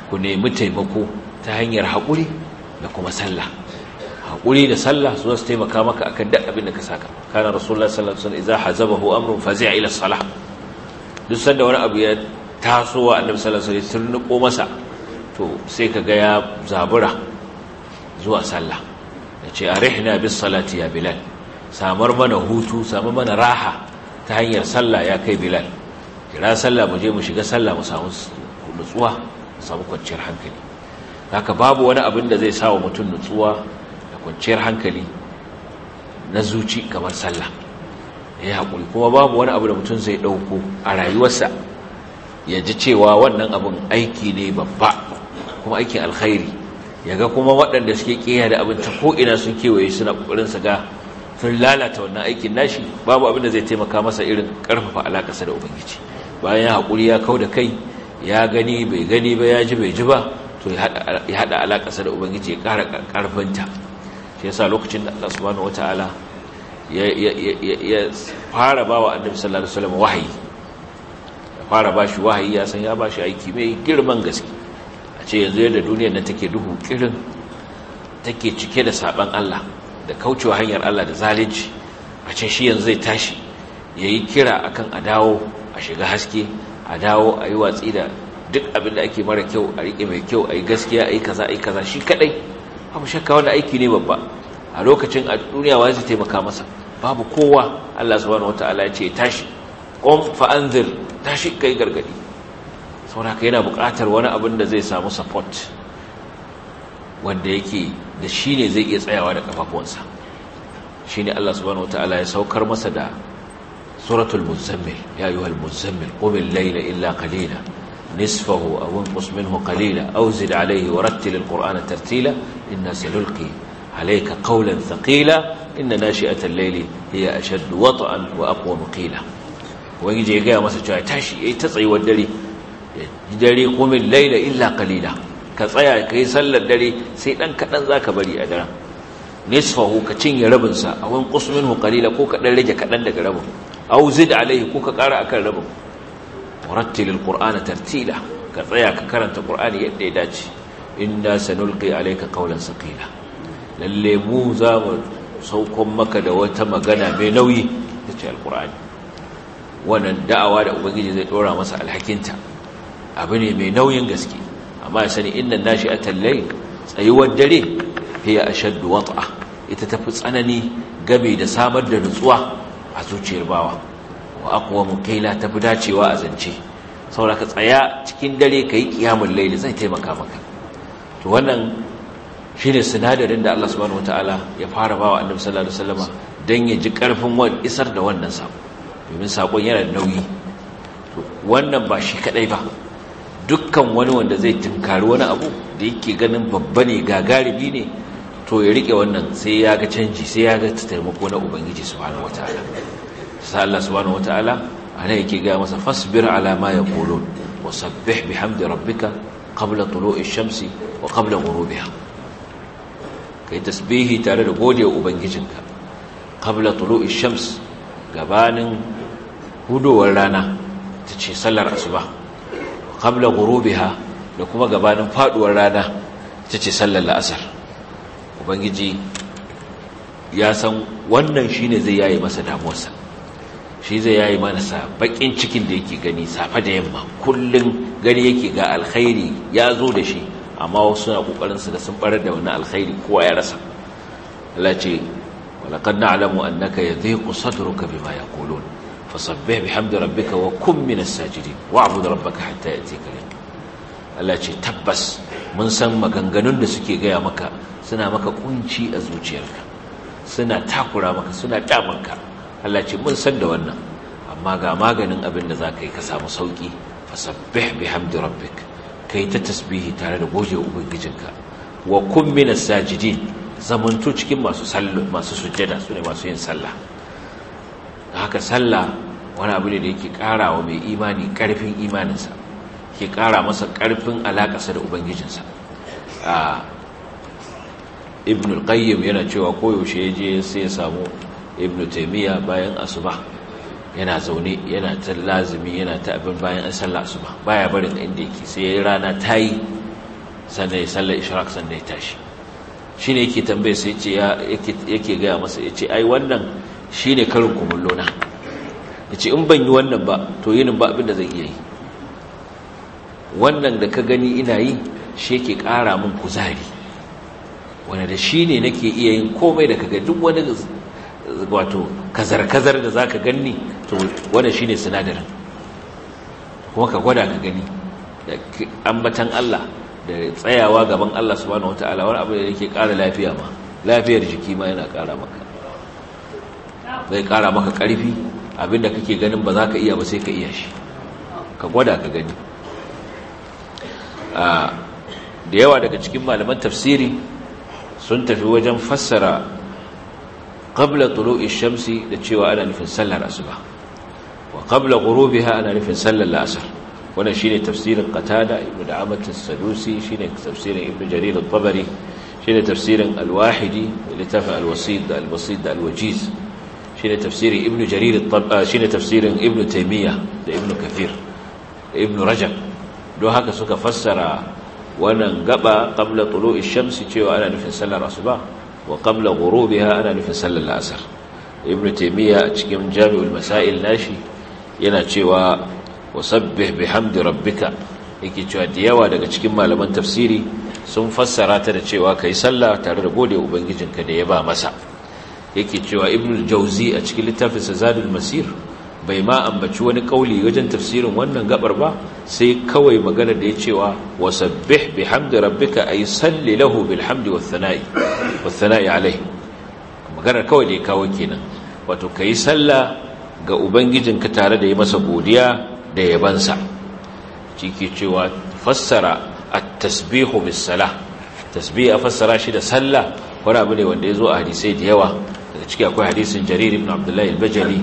ku nemi taimako ta hanyar haƙuri da kuma sallah haƙuri da sallah su taimaka maka akan duk abin da ka saka kana rasulullahi sallallahu alaihi wasallam idza hazabahu amrun fazi'a ila salah duk sanda wani abu ya tasowa annabi sallallahu alaihi wasallam ya turnuko masa to sai ka ga ya zabura zuwa sallah ya ce arihna bis salati ya bilal samar mana hutu samar mana raha ta hanyar sallah ya kai bilal kira sallah mu je mu shiga sallah mu samu nutsuwa mu samu kwanciyar hankali haka babu wani abin da zai sawa mutum nutsuwa da kwanciyar hankali na zuci kamar sallah ya haƙuri kuma babu wani abu da mutum zai ɗauko a rayuwarsa ya ji cewa wannan abin aiki ne babba kuma aikin alkhairi yaga kuma waɗanda suke kiyaye da abinci ko ina sun kewaye suna kokarin su ga sun lalata wannan aikin nashi babu abin da zai taimaka masa irin karfafa sa da ubangiji bayan ya hakuri ya kau da kai ya gani bai gani ba ya ji bai ji ba to ya hada sa da ubangiji ya kara ta shi yasa lokacin da Allah subhanahu wataala ya fara ba wa annabi sallallahu alaihi wasallam wahayi ya fara ba shi wahayi ya san ya ba shi aiki mai girman gaske ce yanzu yadda duniyar nan take duhu kirin take cike da saban Allah da kaucewa hanyar Allah da zalunci a ce shi yanzu zai tashi Ya yi kira akan a dawo a shiga haske a dawo a yi watsi da duk abin da ake mara kyau a riƙe mai kyau a yi gaskiya a yi kaza a yi kaza shi kaɗai abu shakka wani aiki ne babba a lokacin a duniya wa zai taimaka masa babu kowa Allah subhanahu ya ce tashi qum fa'anzir tashi kai gargadi saboda yana buƙatar wani abin da zai samu support wanda yake da shi ne zai iya tsayawa da kafafuwansa shi ne Allah subhanahu wa ta'ala ya saukar masa da suratul muzammil ya yi muzammil ƙumin laila illa kalila nisfahu aw inqus minhu qalila aw zid wa rattil alqur'ana tartila inna sanulqi alayka qawlan thaqila inna nashi'atal layli hiya a wat'an wa aqwamu qila wani je ya gaya masa cewa tashi yayi ta tsayuwar dare dare min, laila illa qalila ka tsaya kai sallar dare sai dan kadan zaka bari a daren nisfahu ka cinye rabin sa awan qusminhu qalila ko ka dan rage kadan daga rabin aw zid alaihi ko ka kara akan rabin warattil alqur'ana tartila ka tsaya ka karanta qur'ani yadda ya dace inna sanulqi alayka qawlan saqila lalle mu za mu saukon maka da wata magana mai nauyi tace alqur'ani wannan da'awa da ubangiji zai dora masa alhakinta abu ne mai nauyin gaske amma ya sani innan nashi tallai tsayuwar dare a shaddu wat'a ita tafi tsanani game da samar da nutsuwa a zuciyar bawa wa aqwamu mukaila tafi dacewa a zance sauraka ka tsaya cikin dare ka yi kiyamun laili zai taimaka maka to wannan shi ne sinadarin da Allah subhanahu wataala ya fara bawa annabi sallallahu alaihi don dan ya ji karfin isar da wannan sako domin sakon yana da nauyi wannan ba shi kaɗai ba dukkan wani wanda zai tunkari wani abu da yake ganin babba ne gagaribi ne to ya rike wannan sai ya ga canji sai ya ga taimako na ubangiji subhanahu wataala sai Allah subhanahu wataala ana yake ga masa fasbir ala ma yaqulun sabbih bihamdi rabbika qabla tulu'i shamsi wa qabla ghurubiha kai tasbihi tare da godiya ubangijinka qabla tulu'i shams gabanin hudowar rana tace sallar asuba qabla ghurubiha da kuma gabanin faduwar rana ita ce sallar la'asar ubangiji ya san wannan shine zai yayi masa damuwarsa shi zai yayi masa bakin cikin da yake gani safa da yamma kullun gani yake ga alkhairi ya zo da shi amma wasu suna kokarin su da sun barar da wani alkhairi kowa ya rasa Allah ce walaqad na'lamu annaka yadhiqu sadruka bima yaqulun fasabbih bihamdi rabbika wa kun minas sajidin wa'bud rabbaka hatta ya'tika Allah ce tabbas mun san maganganun da suke gaya maka suna maka kunci a zuciyarka suna takura maka suna damanka Allah ce mun san da wannan amma ga maganin abin da zaka yi ka samu sauki fasabbih bihamdi rabbika kai ta tasbihi tare da goje ubangijinka wa kun minas sajidin zamanto cikin masu sallu masu sujjada sune masu yin sallah haka sallah wani abu ne da yake kara wa mai imani ƙarfin imaninsa ke kara masa karfin alakasa da ubangijinsa a ibn al yana cewa koyaushe ya je sai ya samu ibn taimiyya bayan asuba yana zaune yana ta lazumi yana ta abin bayan an sallah asuba baya barin inda yake sai ya rana ta yi sannan ya sallar ishraq sannan ya tashi shi ne yake tambaye sai yake gaya masa ya ce ai wannan shi ne karin kumullona na yace in ban yi wannan ba to yinin ba abin da zai iya yi wannan da ka gani ina yi shi yake ƙara min kuzari wanda da shi ne nake iya yin komai da kaga duk wani wato kazar-kazar da za ka ganni to wanda shi ne sinadarin kuma ka gwada ka gani da ambatan Allah da tsayawa gaban Allah subhanahu wata'ala wani abu da yake ƙara lafiya ma lafiyar jiki ma yana ƙara maka zai ƙara maka ƙarfi abinda kake ganin ba za ka iya ba sai ka iya shi ka gwada ka gani ah, da yawa daga cikin malaman tafsiri sun tafi wajen fassara qabla tulu'i shamsi da cewa ana nufin sallar asuba wa gurubi ghurubiha ana nufin sallar la'asar wannan shine tafsirin qatada ibnu da'amat as-sadusi shine tafsirin ibnu jarir al-tabari shine tafsirin al-wahidi littafin al da al da shine tafsirin ibnu jarir ah, shine tafsirin ibnu taymiya da ibnu kathir da ibnu rajab don haka suka fassara wannan gaba qabla tulu'i shamsi cewa ana nufin sallar asuba wa qabla ghurubiha ana nufin sallar asr ibnu taymiya a cikin jami'ul masail nashi yana cewa wasabbih bihamdi rabbika yake cewa da yawa daga cikin malaman tafsiri sun fassara ta da cewa kai sallah tare da gode ubangijinka da ya ba masa yake cewa ibn jauzi a cikin littafin zadul masir bai ma ambaci wani kauli wajen tafsirin wannan gabar ba sai kawai magana da ya cewa wasabbih bihamdi rabbika ay salli lahu bilhamdi wathana'i wathana'i alayhi magana kawai da ya kawo kenan wato kai sallah ga ubangijinka tare da yi masa godiya da yabansa cike cewa fassara at-tasbihu bis salah tasbih a fassara shi da sallah wani abu ne wanda ya zo a hadisai da yawa ciki akwai hadisin jarir ibn abdullahi al-bajali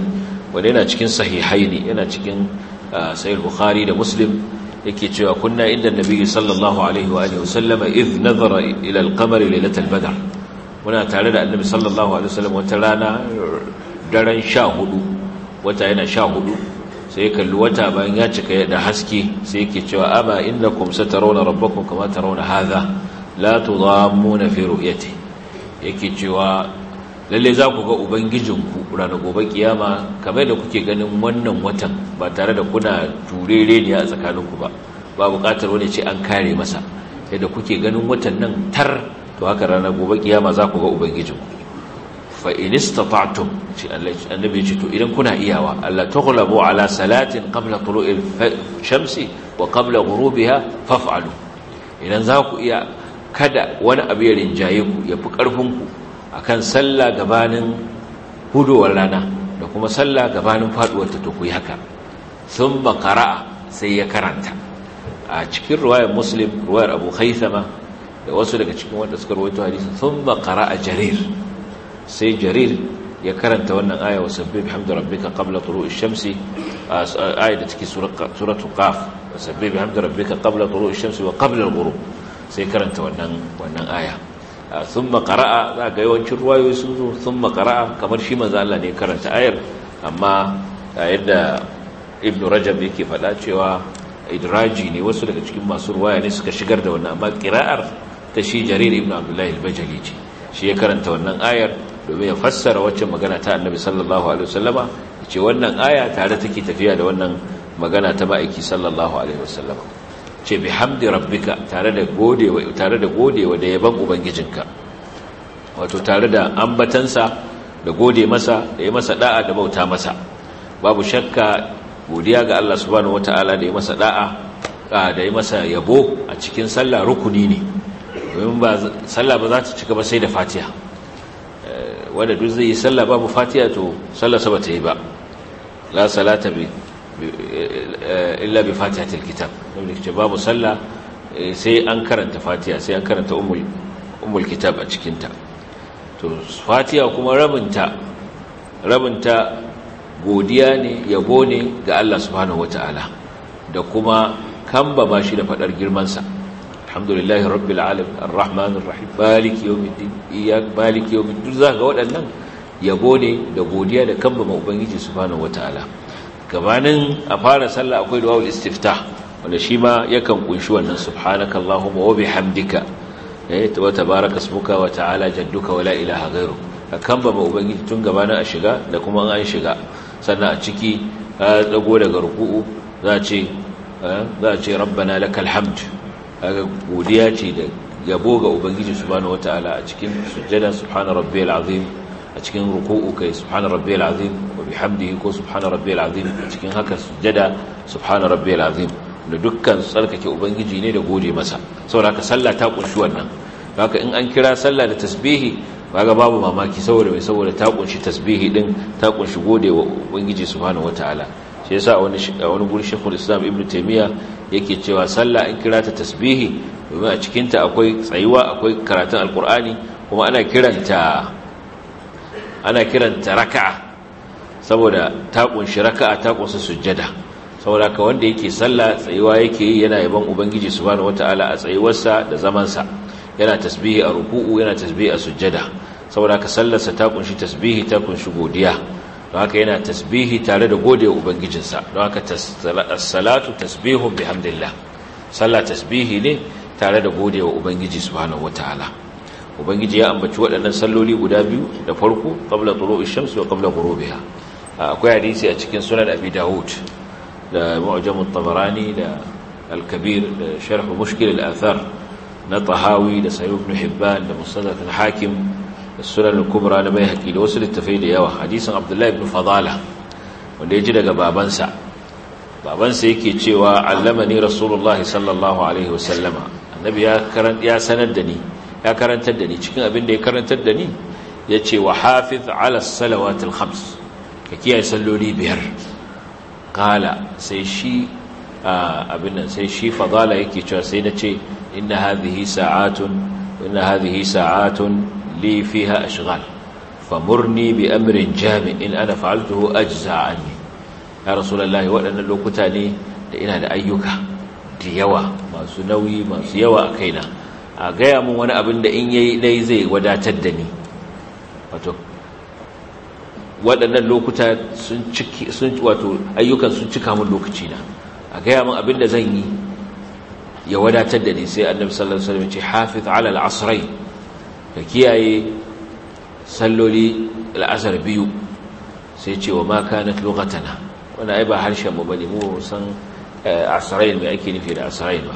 wanda yana cikin sahihai ne yana cikin ah, sahih bukhari da muslim yake cewa kunna inda nabi sallallahu alaihi wa alihi wasallam idh nazara ila al-qamar laylat al-badr muna tare da annabi sallallahu alaihi wasallam wata rana daren 14 wata yana 14 sai kalli wata bayan ya cika da haske sai yake cewa aba innakum satarawna rabbakum kama tarawna hadha la tudammuna fi ru'yati yake cewa lalle za ku ga ubangijinku ranar gobe kiyama kamar da kuke ganin wannan watan ba tare da kuna turere ne a tsakaninku ba ba bukatar wani ce an kare masa yadda kuke ganin watan nan tar to haka ranar gobe kiyama za ku ga ubangijinku fa in istata'tum annabi ce to idan kuna iyawa Allah ta taghlabu ala salatin turo il shamsi wa qabla ghurubiha faf'alu idan za ku iya kada wani abu ya rinjaye ku ya fi ƙarfinku akan sallah gabanin hudowar rana da kuma sallah gabanin faduwar ta tukuyi haka sun makara'a sai ya karanta a cikin ruwayar muslim ruwayar abu haithama da wasu daga cikin wanda suka rawaito hadisi sun a jarir sai jarir ya karanta wannan aya wa sabbi rabbika qabla tulu'i shamsi aya da take suratul qaf wa sabbi bihamdi rabbika qabla tulu'i shamsi wa qabla al-ghurub sai karanta wannan wannan aya sun ah, makara'a za ga yawancin ruwayoyi sun zo sun makara'a kamar shi maza Allah ne karanta ayar amma a ah, yadda ibn rajab yake faɗa cewa idraji ne wasu daga cikin masu ruwaya ne suka shigar da wannan amma kira'ar ta shi jarir ibn abdullahi al ce shi ya karanta wannan ayar domin ya fassara wacce magana ta annabi sallallahu alaihi wasallama ce wannan aya tare take tafiya da wannan magana ta ma'aiki sallallahu alaihi wasallama ce hamdi rabbika tare da godewa tare da godewa da yaban ubangijinka wato tare da ambatansa da gode masa da ya masa da'a da bauta masa babu shakka godiya ga Allah subhanahu wataala da ya masa da'a da yi masa yabo a cikin sallah rukuni ne domin ba sallah ba za ta cika ba sai da fatiha eh, wanda duk zai yi sallah babu fatiha to sallah sa yi ba la salata bi illa bi fatihatil kitab wanda ke babu sallah sai an karanta fatiha sai an karanta ummul ummul kitab a cikin ta to fatiha kuma rabinta rabinta godiya ne yabo ne ga Allah subhanahu wataala da kuma kamba ba shi da fadar girman sa alhamdulillahi rabbil alamin arrahmanir rahim maliki yawmiddin iyyak maliki yawmiddin zaka ga waɗannan yabo ne da godiya da kamba ma ubangiji subhanahu wataala gabanin a fara sallah akwai du'a istiftah wanda shi ma yakan kunshi wannan subhanakallahumma wa bihamdika eh wa tabaraka ismuka wa ta'ala jadduka wa la ilaha ghayruk akan ba ubangiji tun gabanin a shiga da kuma an shiga sannan a ciki a dago daga ruku'u za a ce za ce rabbana lakal hamd godiya ce da yabo ga ubangiji subhanahu wa ta'ala a cikin sujjada subhana rabbiyal azim a cikin ruku'u kai subhana rabbiyal azim bihamdihi ko subhana rabbiyal azim cikin haka sujada subhana rabbiyal azim da dukkan tsarkake ubangiji ne da gode masa saboda haka sallah ta kunshi wannan haka in an kira sallah da tasbihi kaga babu mamaki saboda mai saboda ta kunshi tasbihi din ta kunshi gode wa ubangiji subhanahu wataala shi yasa wani wani gurin shekul islam ibn taymiya yake cewa sallah in kira ta tasbihi domin a cikin ta akwai tsayuwa akwai karatun alqur'ani kuma ana kiranta ana kiranta raka'a saboda ta kunshi raka'a ta kunshi sujjada saboda ka wanda yake sallah tsayuwa yake yi yana yaban ubangiji subhanahu wataala a tsayuwarsa da zaman sa yana tasbihi a ruku'u yana tasbihi a sujjada saboda ka sallarsa ta kunshi tasbihi ta kunshi godiya don haka yana tasbihi tare da godiya ubangijinsa don haka salatu tasbihu bihamdillah sallah tasbihi ne tare da godiya ubangiji subhanahu wataala ubangiji ya ambaci waɗannan salloli guda biyu da farko qabla tulu'i shamsi wa qabla ghurubiha akwai hadisi a cikin sunan abi dawud da mu'jam tabarani da al-kabir da sharh mushkil al-athar na tahawi da sahih ibn hibban da musnad al-hakim da sunan al-kubra na bayhaqi da wasu littafai da yawa hadisin abdullahi ibn fadala wanda yaji daga babansa babansa yake cewa allamani rasulullahi sallallahu alaihi wasallama annabi ya ya sanar da ni ya karantar da ni cikin abin da ya karantar da ni ya ce wa hafiz ala salawatul khams ka kiyaye salloli biyar kala sai shi abin nan sai shi fadala yake cewa sai na ce inna hadhihi sa'atun inna hadhihi sa'atun li fiha ashghal famurni bi amrin jami in ana fa'altuhu ajza anni ya rasulullahi waɗannan lokuta ne da ina da ayyuka da yawa masu nauyi masu yawa a kaina a gaya mun wani abin da in yayi dai zai wadatar da ni wato waɗannan lokuta sun ciki sun wato ayyukan sun cika min lokaci na a gaya min abin da zan yi ya wadatar da ni sai annabi sallallahu alaihi wasallam ce hafiz ala al-asrai ka kiyaye salloli al-asr biyu sai ce wa ma kanat lughatana wanda ai ba harshen mu bane mu san eh, asrai mai ake nufi da asrai ba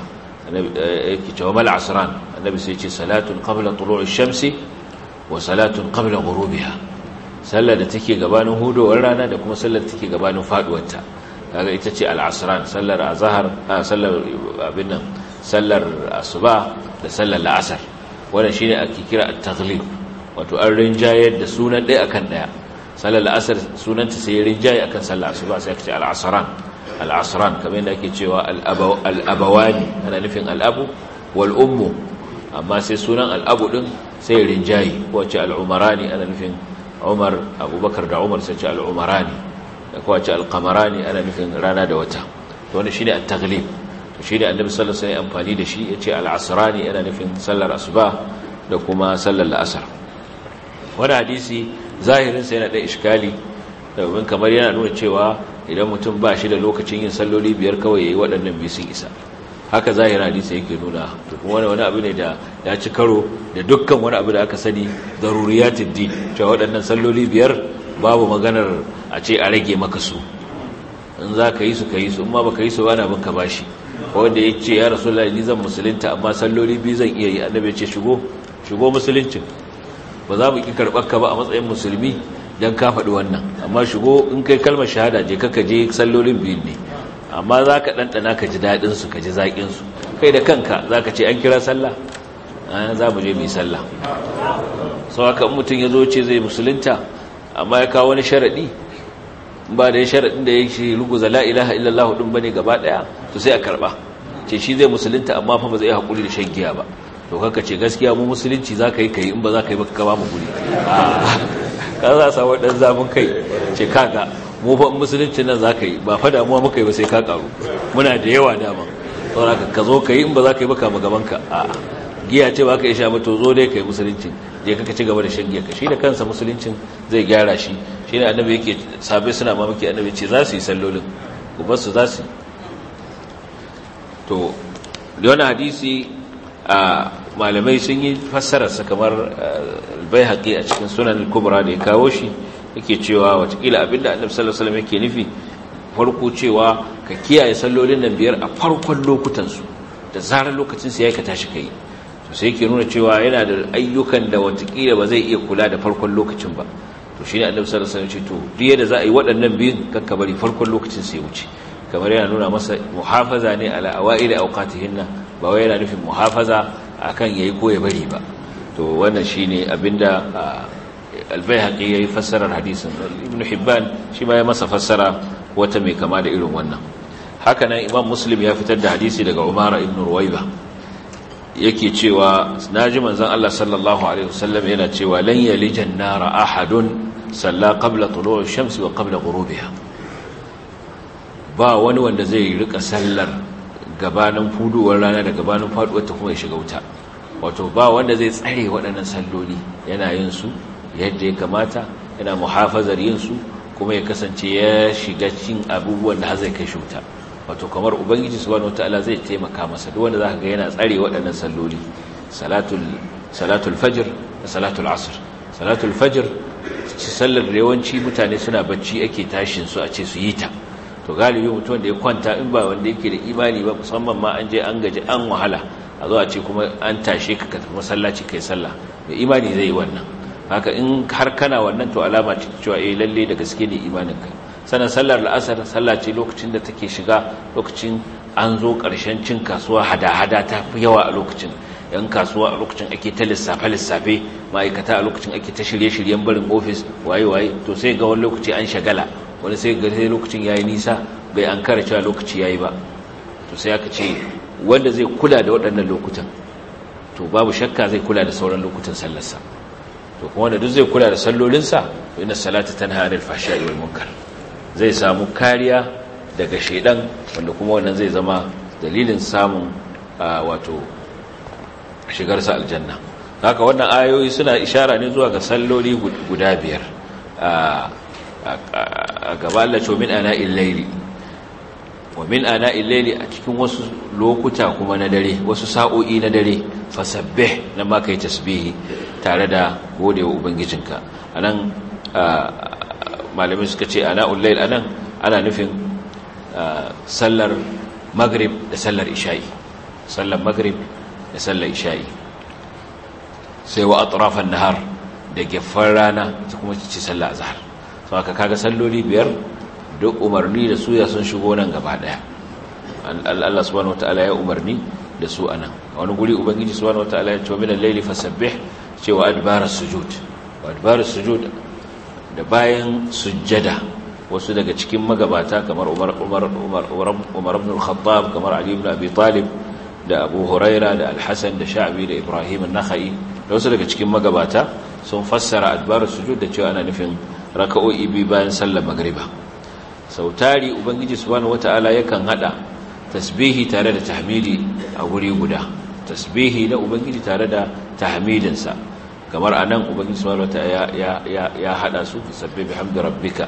annabi eh, yake cewa mal asran annabi sai ce salatun qabla tulu'i shamsi wa salatun qabla ghurubiha sallar da take gabanin hudowar rana da kuma sallar da take gabanin faduwarta kaga ita ce al'asran sallar azhar sallar abin nan sallar asuba da sallar la'asar wannan shine ake kira at-taghlib wato an rinjayar da sunan ɗaya akan ɗaya sallar la'asar sunanta sai rinjaye akan sallar asuba sai ake ce al'asran al'asran kamar yadda ake cewa al'abawani ana nufin al'abu wal ummu amma sai sunan al'abu din sai rinjaye ko ce al'umarani ana nufin umar abubakar da umar sun ce al'umarani da kuwa ce al'amarani ana nufin rana da wata to wani shi ne al-taglib to shi ne annabi sallar sai amfani da shi ya ce al'asirani ana nufin sallar asuba da kuma sallar la'asar wani hadisi zahirinsa yana ɗan iskali domin kamar yana nuna cewa idan mutum ba shi da lokacin yin salloli biyar kawai ya yi waɗannan biyu isa haka zahir hadisi yake nuna to kuma wani abu ne da ya ci karo da dukkan wani abu da aka sani daruriyatid din cewa waɗannan salloli biyar babu maganar a ce a rage maka su in za ka yi su ka yi su in ba ka yi su ba na bin ka bashi wanda ya ce ya rasu ni zan musulunta amma salloli biyu zan iya yi annabi ce shigo shigo musuluncin ba za mu ki karɓar ka ba a matsayin musulmi dan ka faɗi wannan amma shigo in kai kalmar shahada je ka je sallolin biyu ne amma za ka ɗanɗana ka ji daɗinsu ka ji zaƙinsu kai da kanka za ka ce an kira sallah za mu je mai sallah sau haka mutum ya zo ce zai musulunta amma ya kawo wani sharaɗi ba da ya sharaɗin da ya shi ruguza la'ilaha illallah ɗin ba ne gaba ɗaya to sai a karɓa ce shi zai musulunta amma fa ba zai haƙuri da shan giya ba to kaka ce gaskiya mu musulunci za ka yi ka yi in ba za ka yi ba ka kama mu guri ka za a samu zamun kai ce kaga mu fa musulunci nan za ka yi ba fa damuwa muka yi ba sai ka karu muna da yawa dama saboda ka zo ka yi in ba za ka yi ba kama gaban ka a'a giya ce ba ka yi sha ba to zo dai ka yi musulunci je ka ci gaba da shan giya ka shi da kansa musuluncin zai gyara shi shi annabi yake sabai suna mamaki annabi ce za su yi sallolin ku su za su to da wani hadisi a malamai sun yi fassara su kamar albai haƙi a cikin sunan kubra da ya kawo shi yake cewa watakila abinda annabi sallallahu alaihi wasallam yake nufi farko cewa ka kiyaye sallolin nan biyar a farkon lokutan su da zarar lokacin su yayi ka tashi kai to sai yake nuna cewa yana da ayyukan da watakila ba zai iya kula da farkon lokacin ba to shine annabi sallallahu alaihi wasallam ce to duk yadda za a yi waɗannan biyun kakka bari farkon lokacin su ya wuce kamar yana nuna masa muhafaza ne ala awaili awqatihinna ba wai yana nufin muhafaza akan yayi ko ya bari ba to wannan shine abinda ah, albayhaqi yayi fassarar hadisin ibn hibban shi ma ya masa fassara wata mai kama da irin wannan haka nan imam muslim ya fitar da hadisi daga umara ibn ruwaiba yake cewa naji manzon Allah sallallahu alaihi wasallam yana cewa lan yalijan nara ahadun salla qabla tulu'i shamsi wa qabla ghurubiha ba wani wanda zai rika sallar gabanin fuduwar rana da gabanin faduwar ta kuma ya shiga wuta wato ba wanda zai tsare waɗannan salloli yana yin su yadda ya kamata yana muhafazar yin su kuma ya kasance ya shiga cin abubuwan da zai kai shuta wato kamar ubangiji subhanahu wataala zai taimaka masa duk wanda zaka ga yana tsare waɗannan salloli salatul salatul fajr da salatul asr salatul fajr ci sallar da yawanci mutane suna bacci ake tashin su a ce su yi ta to galibi mutum da ya kwanta in ba wanda yake da imani ba musamman ma an je an gaji an wahala a zo a ce kuma an tashe ka ka masallaci kai sallah da imani zai yi wannan haka in har kana wannan to alama ce cewa eh lalle da gaske ne imaninka sannan sallar la'asar sallah ce lokacin da take shiga lokacin an zo karshen cin kasuwa hada-hada ta fi yawa a lokacin yan kasuwa a lokacin ake ta lissafe-lissafe ma'aikata a lokacin ake ta shirye-shiryen barin ofis waye-waye to sai ga wani lokaci an shagala wani sai ga sai lokacin yayi nisa bai an kara cewa lokaci yayi ba to sai aka ce wanda zai kula da waɗannan lokutan to babu shakka zai kula da sauran lokutan sallarsa to kuma wanda duk zai kula da sallolinsa to inna salata tanha anil fahsha'i wal munkar zai samu kariya daga shedan wanda kuma wannan zai zama dalilin samun wato shigarsa aljanna haka wannan ayoyi suna ishara ne zuwa ga salloli guda biyar a gaba Allah min ana illaili wa min ana illaili a cikin wasu lokuta kuma na dare wasu sa'o'i na dare fasabbih na ma kai tasbihi tare da godewa ubangijinka anan malamin suka ce ana ullail anan ana nufin sallar maghrib da sallar isha'i sallar maghrib da sallar isha'i sai wa atrafan nahar da gefan rana ta kuma ci sallar azhar saboda kaga salloli biyar duk umarni da suya sun shigo nan gaba daya Allah subhanahu wataala ya umarni da su anan a wani guri ubangiji subhanahu wataala ya ce min al-layli fasabbih cewa adbara sujud wa sujud da bayan sujjada wasu daga cikin magabata kamar Umar Umar Umar Umar ibn al-Khattab kamar Ali ibn Abi Talib da Abu Huraira da Al-Hasan da Sha'bi da Ibrahim an-Nakhai da wasu daga cikin magabata sun fassara adbar sujud da cewa ana nufin raka'o'i bi bayan sallar magriba sautari ubangiji subhanahu wataala yakan hada tasbihi tare da tahmidi a guri guda tasbihi na ubangiji tare da tahmidinsa kamar anan ubangiji subhanahu wataala ya ya ya hada su sabbi bihamdi rabbika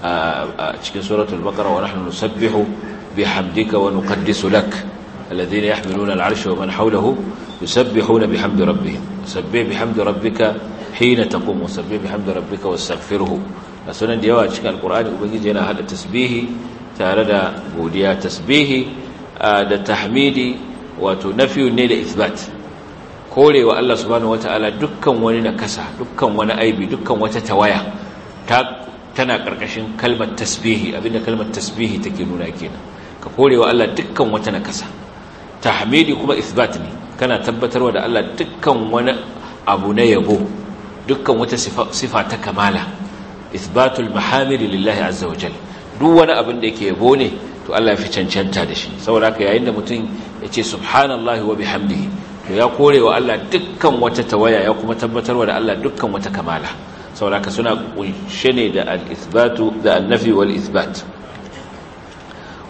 a cikin suratul baqara wa nahnu nusabbihu bihamdika wa nuqaddisu lak alladhina yahmiluna al'arsha wa man hawlahu yusabbihuna bihamdi rabbihim sabbi bihamdi rabbika hina taqum wa sabbi bihamdi rabbika wastaghfirhu a sunan da yawa cikin alkur'ani ubangiji yana hada tasbihi tare da godiya tasbihi da tahmidi wato nafiyu ne da isbat korewa Allah subhanahu wataala dukkan wani nakasa dukkan wani aibi dukkan wata tawaya ta tana karkashin kalmar tasbihi abinda kalmar tasbihi take nuna kenan ka korewa Allah dukkan wata nakasa tahmidi kuma isbat ne kana tabbatarwa da Allah dukkan wani abu na yabo dukkan wata sifa ta kamala isbatul mahamidi lillahi azza wajal duk wani abin da yake yabo ne to Allah ya fi cancanta da shi saboda haka yayin da mutum ya ce subhanallahi wa bihamdihi to ya kore wa Allah dukkan wata tawaya ya kuma tabbatarwa da Allah dukkan wata kamala saboda haka suna kunshe ne da al-isbatu da annafi wal isbat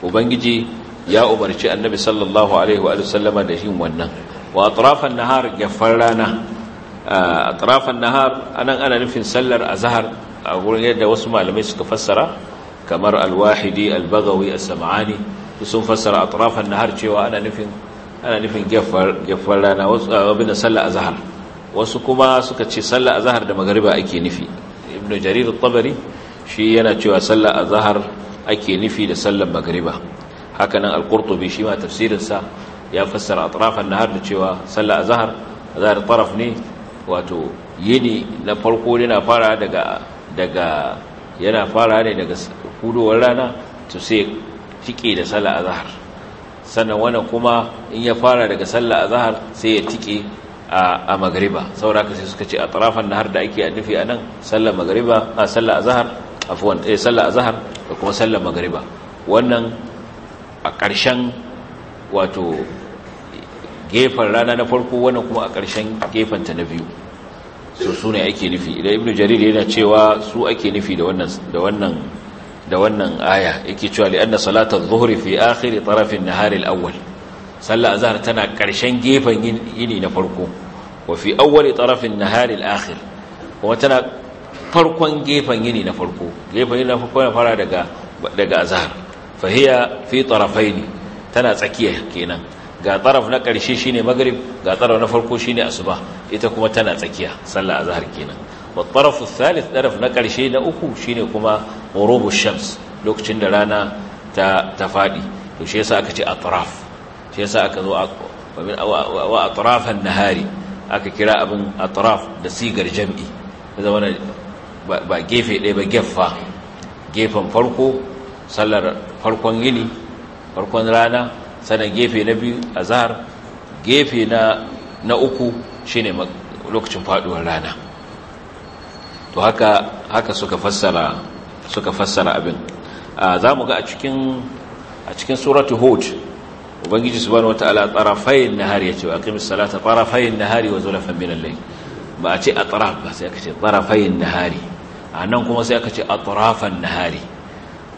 ubangiji ya umarci annabi sallallahu alaihi wa sallama da yin wannan wa atrafan nahar gafar rana atrafan nahar anan ana nufin sallar azhar a gurin yadda wasu malamai suka fassara kamar alwahidi albagawi as-sam'ani sun fassara atrafan nahar cewa ana nufin ana nufin gefar rana wasu abin da sallar azhar wasu kuma suka ce sallar azhar da magariba ake nufi ibn jarir at-tabari shi yana cewa sallar azhar ake nufi da sallar magariba hakanan al-qurtubi shi ma tafsirin sa ya fassara atrafan nahar da cewa sallar azhar azhar taraf ne wato yini na farko yana fara daga daga yana fara ne daga hudowar rana to sai tike da sallar azhar sannan wannan kuma in ya fara daga sallar azhar sai ya tike a magriba sauraka sai suka ce a tarafan nahar da ake nufi anan sallar magriba a sallar azhar afwan eh sallar azhar da kuma sallar magriba wannan a ƙarshen wato gefen rana na farko wannan kuma a ƙarshen gefen ta na biyu so su ne ake nufi idan ibnu jarir yana cewa su ake nufi da wannan da wannan da wannan aya yake cewa li anna salata adh-dhuhri fi akhir taraf an-nahar al-awwal sallah azhar tana karshen gefen yini na farko wa fi awwal taraf an-nahar al-akhir kuma tana farkon gefen yini na farko gefen yini na farko yana fara daga daga azhar fa hiya fi tarafaini tana tsakiya kenan ga tsaraf na ƙarshe shine magrib ga tsaraf na farko shine asuba ita kuma tana tsakiya sallah azhar kenan wa tsarafu thalith tsaraf na ƙarshe na uku shine kuma ghurubu shams lokacin da rana ta ta to shi yasa aka ce atraf shi yasa aka zo wa atrafan nahari aka kira abin atraf da sigar jam'i zama ba gefe ɗaya ba gefa gefen farko sallar farkon yini farkon rana sannan gefe na biyu azhar gefe na na uku shine lokacin faduwar rana to haka haka suka fassara suka fassara abin zamu ga a cikin a cikin suratu hud ubangiji subhanahu wataala tarafayn nahari yace aqimis salata tarafayn nahari wa zulfan min al-layl ba a ce atraf ba sai aka ce tarafayn a nan kuma sai aka ce atrafan hari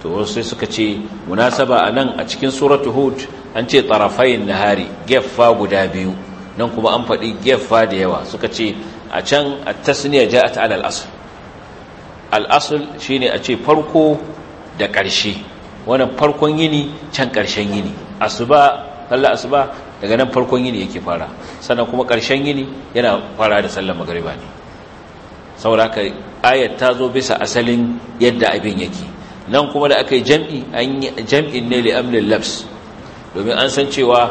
to sai suka ce munasaba anan a cikin suratu hud an ce tarafayin nahari geffa guda biyu nan kuma an faɗi geffa da yawa suka ce a can a tasniya a ta'ala al'asul al'asul shi ne a ce farko da ƙarshe wani farkon yini can ƙarshen yini asuba sallar asuba daga nan farkon yini yake fara sannan kuma ƙarshen yini yana fara da sallar magariba ne saboda ayat ta zo bisa asalin yadda abin yake nan kuma da aka yi jam'i an yi jam'in ne li'amlin labs domin an san cewa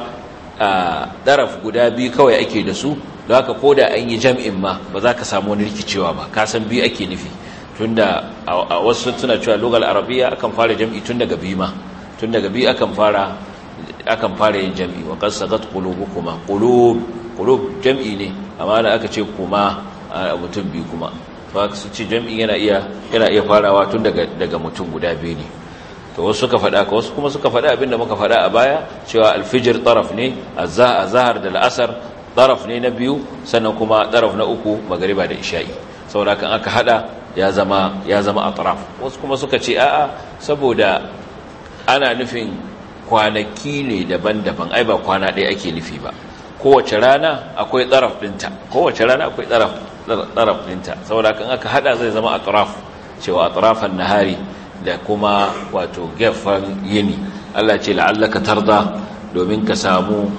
ɗaraf guda biyu kawai ake da su da haka ko da an yi jam'in ma ba za ka samu wani rikicewa ba ka san biyu ake nufi tunda a wasu suna cewa lugal arabiya akan fara jam'i tun daga biyu ma tun daga biyu akan fara akan fara yin jam'i wa qad sagat kulubu kuma kulub jam'i ne amma da aka ce kuma a mutum biyu kuma ba su ce jam'i yana iya farawa tun daga mutum guda biyu ne to wasu suka faɗa ka wasu kuma suka faɗa abinda muka faɗa a baya cewa alfijir taraf ne azhar da la'asar taraf ne na biyu sannan kuma taraf na uku magariba da isha'i saboda aka haɗa ya zama a zama wasu kuma suka ce a'a saboda ana nufin kwanaki ne daban-daban ai ba kwana ɗaya ake nufi ba kowace rana akwai tsaraf ɗinta kowace rana akwai tsaraf ɗinta saboda aka haɗa zai zama atraf cewa atrafan nahari da kuma wato gefen yini Allah ce la'allaka tarda domin ka samu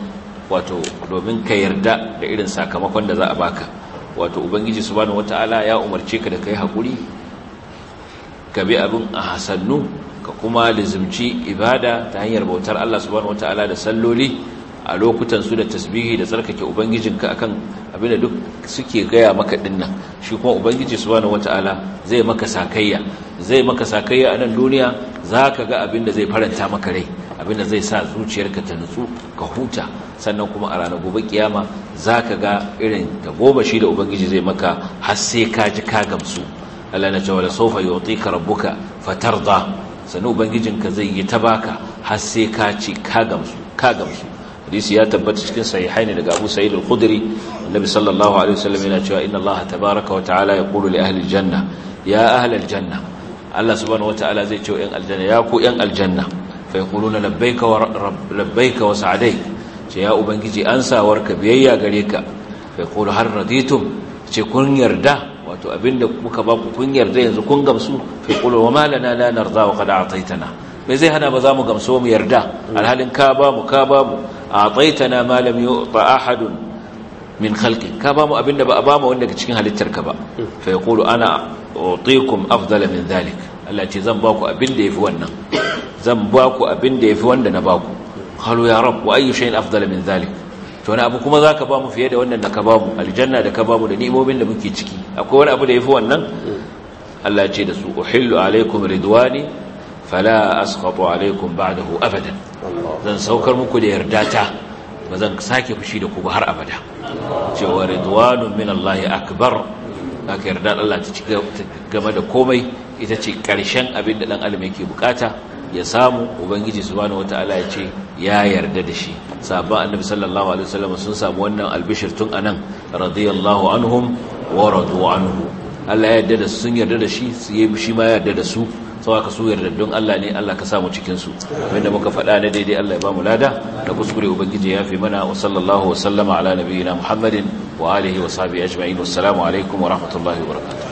wato domin ka yarda da irin sakamakon da za a baka wato ubangiji subhanahu wataala ya umarce ka da kai hakuri ka bi abin a hasannu ka kuma lizimci ibada ta hanyar bautar Allah subhanahu wataala da salloli a lokutan su da tasbihi da tsarkake ubangijin ka akan abin da duk suke gaya maka dinnan shi kuma ubangiji subhanahu wataala zai maka sakayya zai maka sakayya a nan duniya zaka ga abin da zai faranta maka rai abin da zai sa zuciyarka ta nutsu ka huta sannan kuma a ranar gobe kiyama zaka ga irin ta goma shi da ubangiji zai maka har sai ka ji ka gamsu Allah na ce la sawfa yu'tika rabbuka fatarda sannan ubangijinka zai yi ta baka har sai ka ci ka gamsu ka gamsu hadisi ya tabbata cikin sahihaini daga Abu Sa'id al-Khudri annabi sallallahu alaihi wasallam yana cewa inna Allah tabaaraka wa ta'ala yaqulu li ahli al-janna ya ahli al-janna Allah subhanahu wa ta'ala zai ce wa ƴan aljanna ya ku ƴan aljanna fa yaquluna labbaika wa labbaika wa sa'adaik ce ya ubangiji an sawarka biyayya gare ka fa yaqulu har raditum ce kun yarda wato abinda kuka ba ku kun yarda yanzu kun gamsu fi qulu wa malana la narda wa qad ataitana me zai hana ba za mu gamsu mu yarda alhalin ka ba mu ka ba mu ataitana ma lam yu'ta ahadun min khalqi ka ba mu abinda ba a ba mu wanda daga cikin halittarka ba fa yaqulu ana utikum afdala min dhalik Allah ce zan ba ku abinda yafi wannan zan ba ku abinda yafi wanda na ba ku ya rabb wa ayyu min dhalik to wani abu kuma zaka ba mu fiye da wannan da aljanna da ka da ni'imomin da muke ciki akwai wani abu da yafi wannan Allah ce da su uhillu alaikum ridwani fala asqatu alaikum ba'dahu abadan zan saukar muku da yarda ta ba zan sake fushi da ku ba har abada cewa ridwanu min Allah akbar aka yarda Allah ta game da komai ita ce karshen abin da dan adam yake bukata ya samu ubangiji subhanahu wataala ya ce ya yarda da shi sabon annabi sallallahu alaihi wasallam sun samu wannan albishir tun anan radiyallahu anhum wa radu anhu Allah ya yarda da su sun yarda da shi shi ma ya yarda da su sawa ka su yardaddun Allah ne Allah ka samu cikinsu wanda muka faɗa na daidai Allah ya ba mu lada da kuskure ubangiji ya fi mana wa sallallahu wa sallama ala nabiyina muhammadin wa alihi wa sahbihi ajma'in wassalamu alaikum wa rahmatullahi wa barakatuh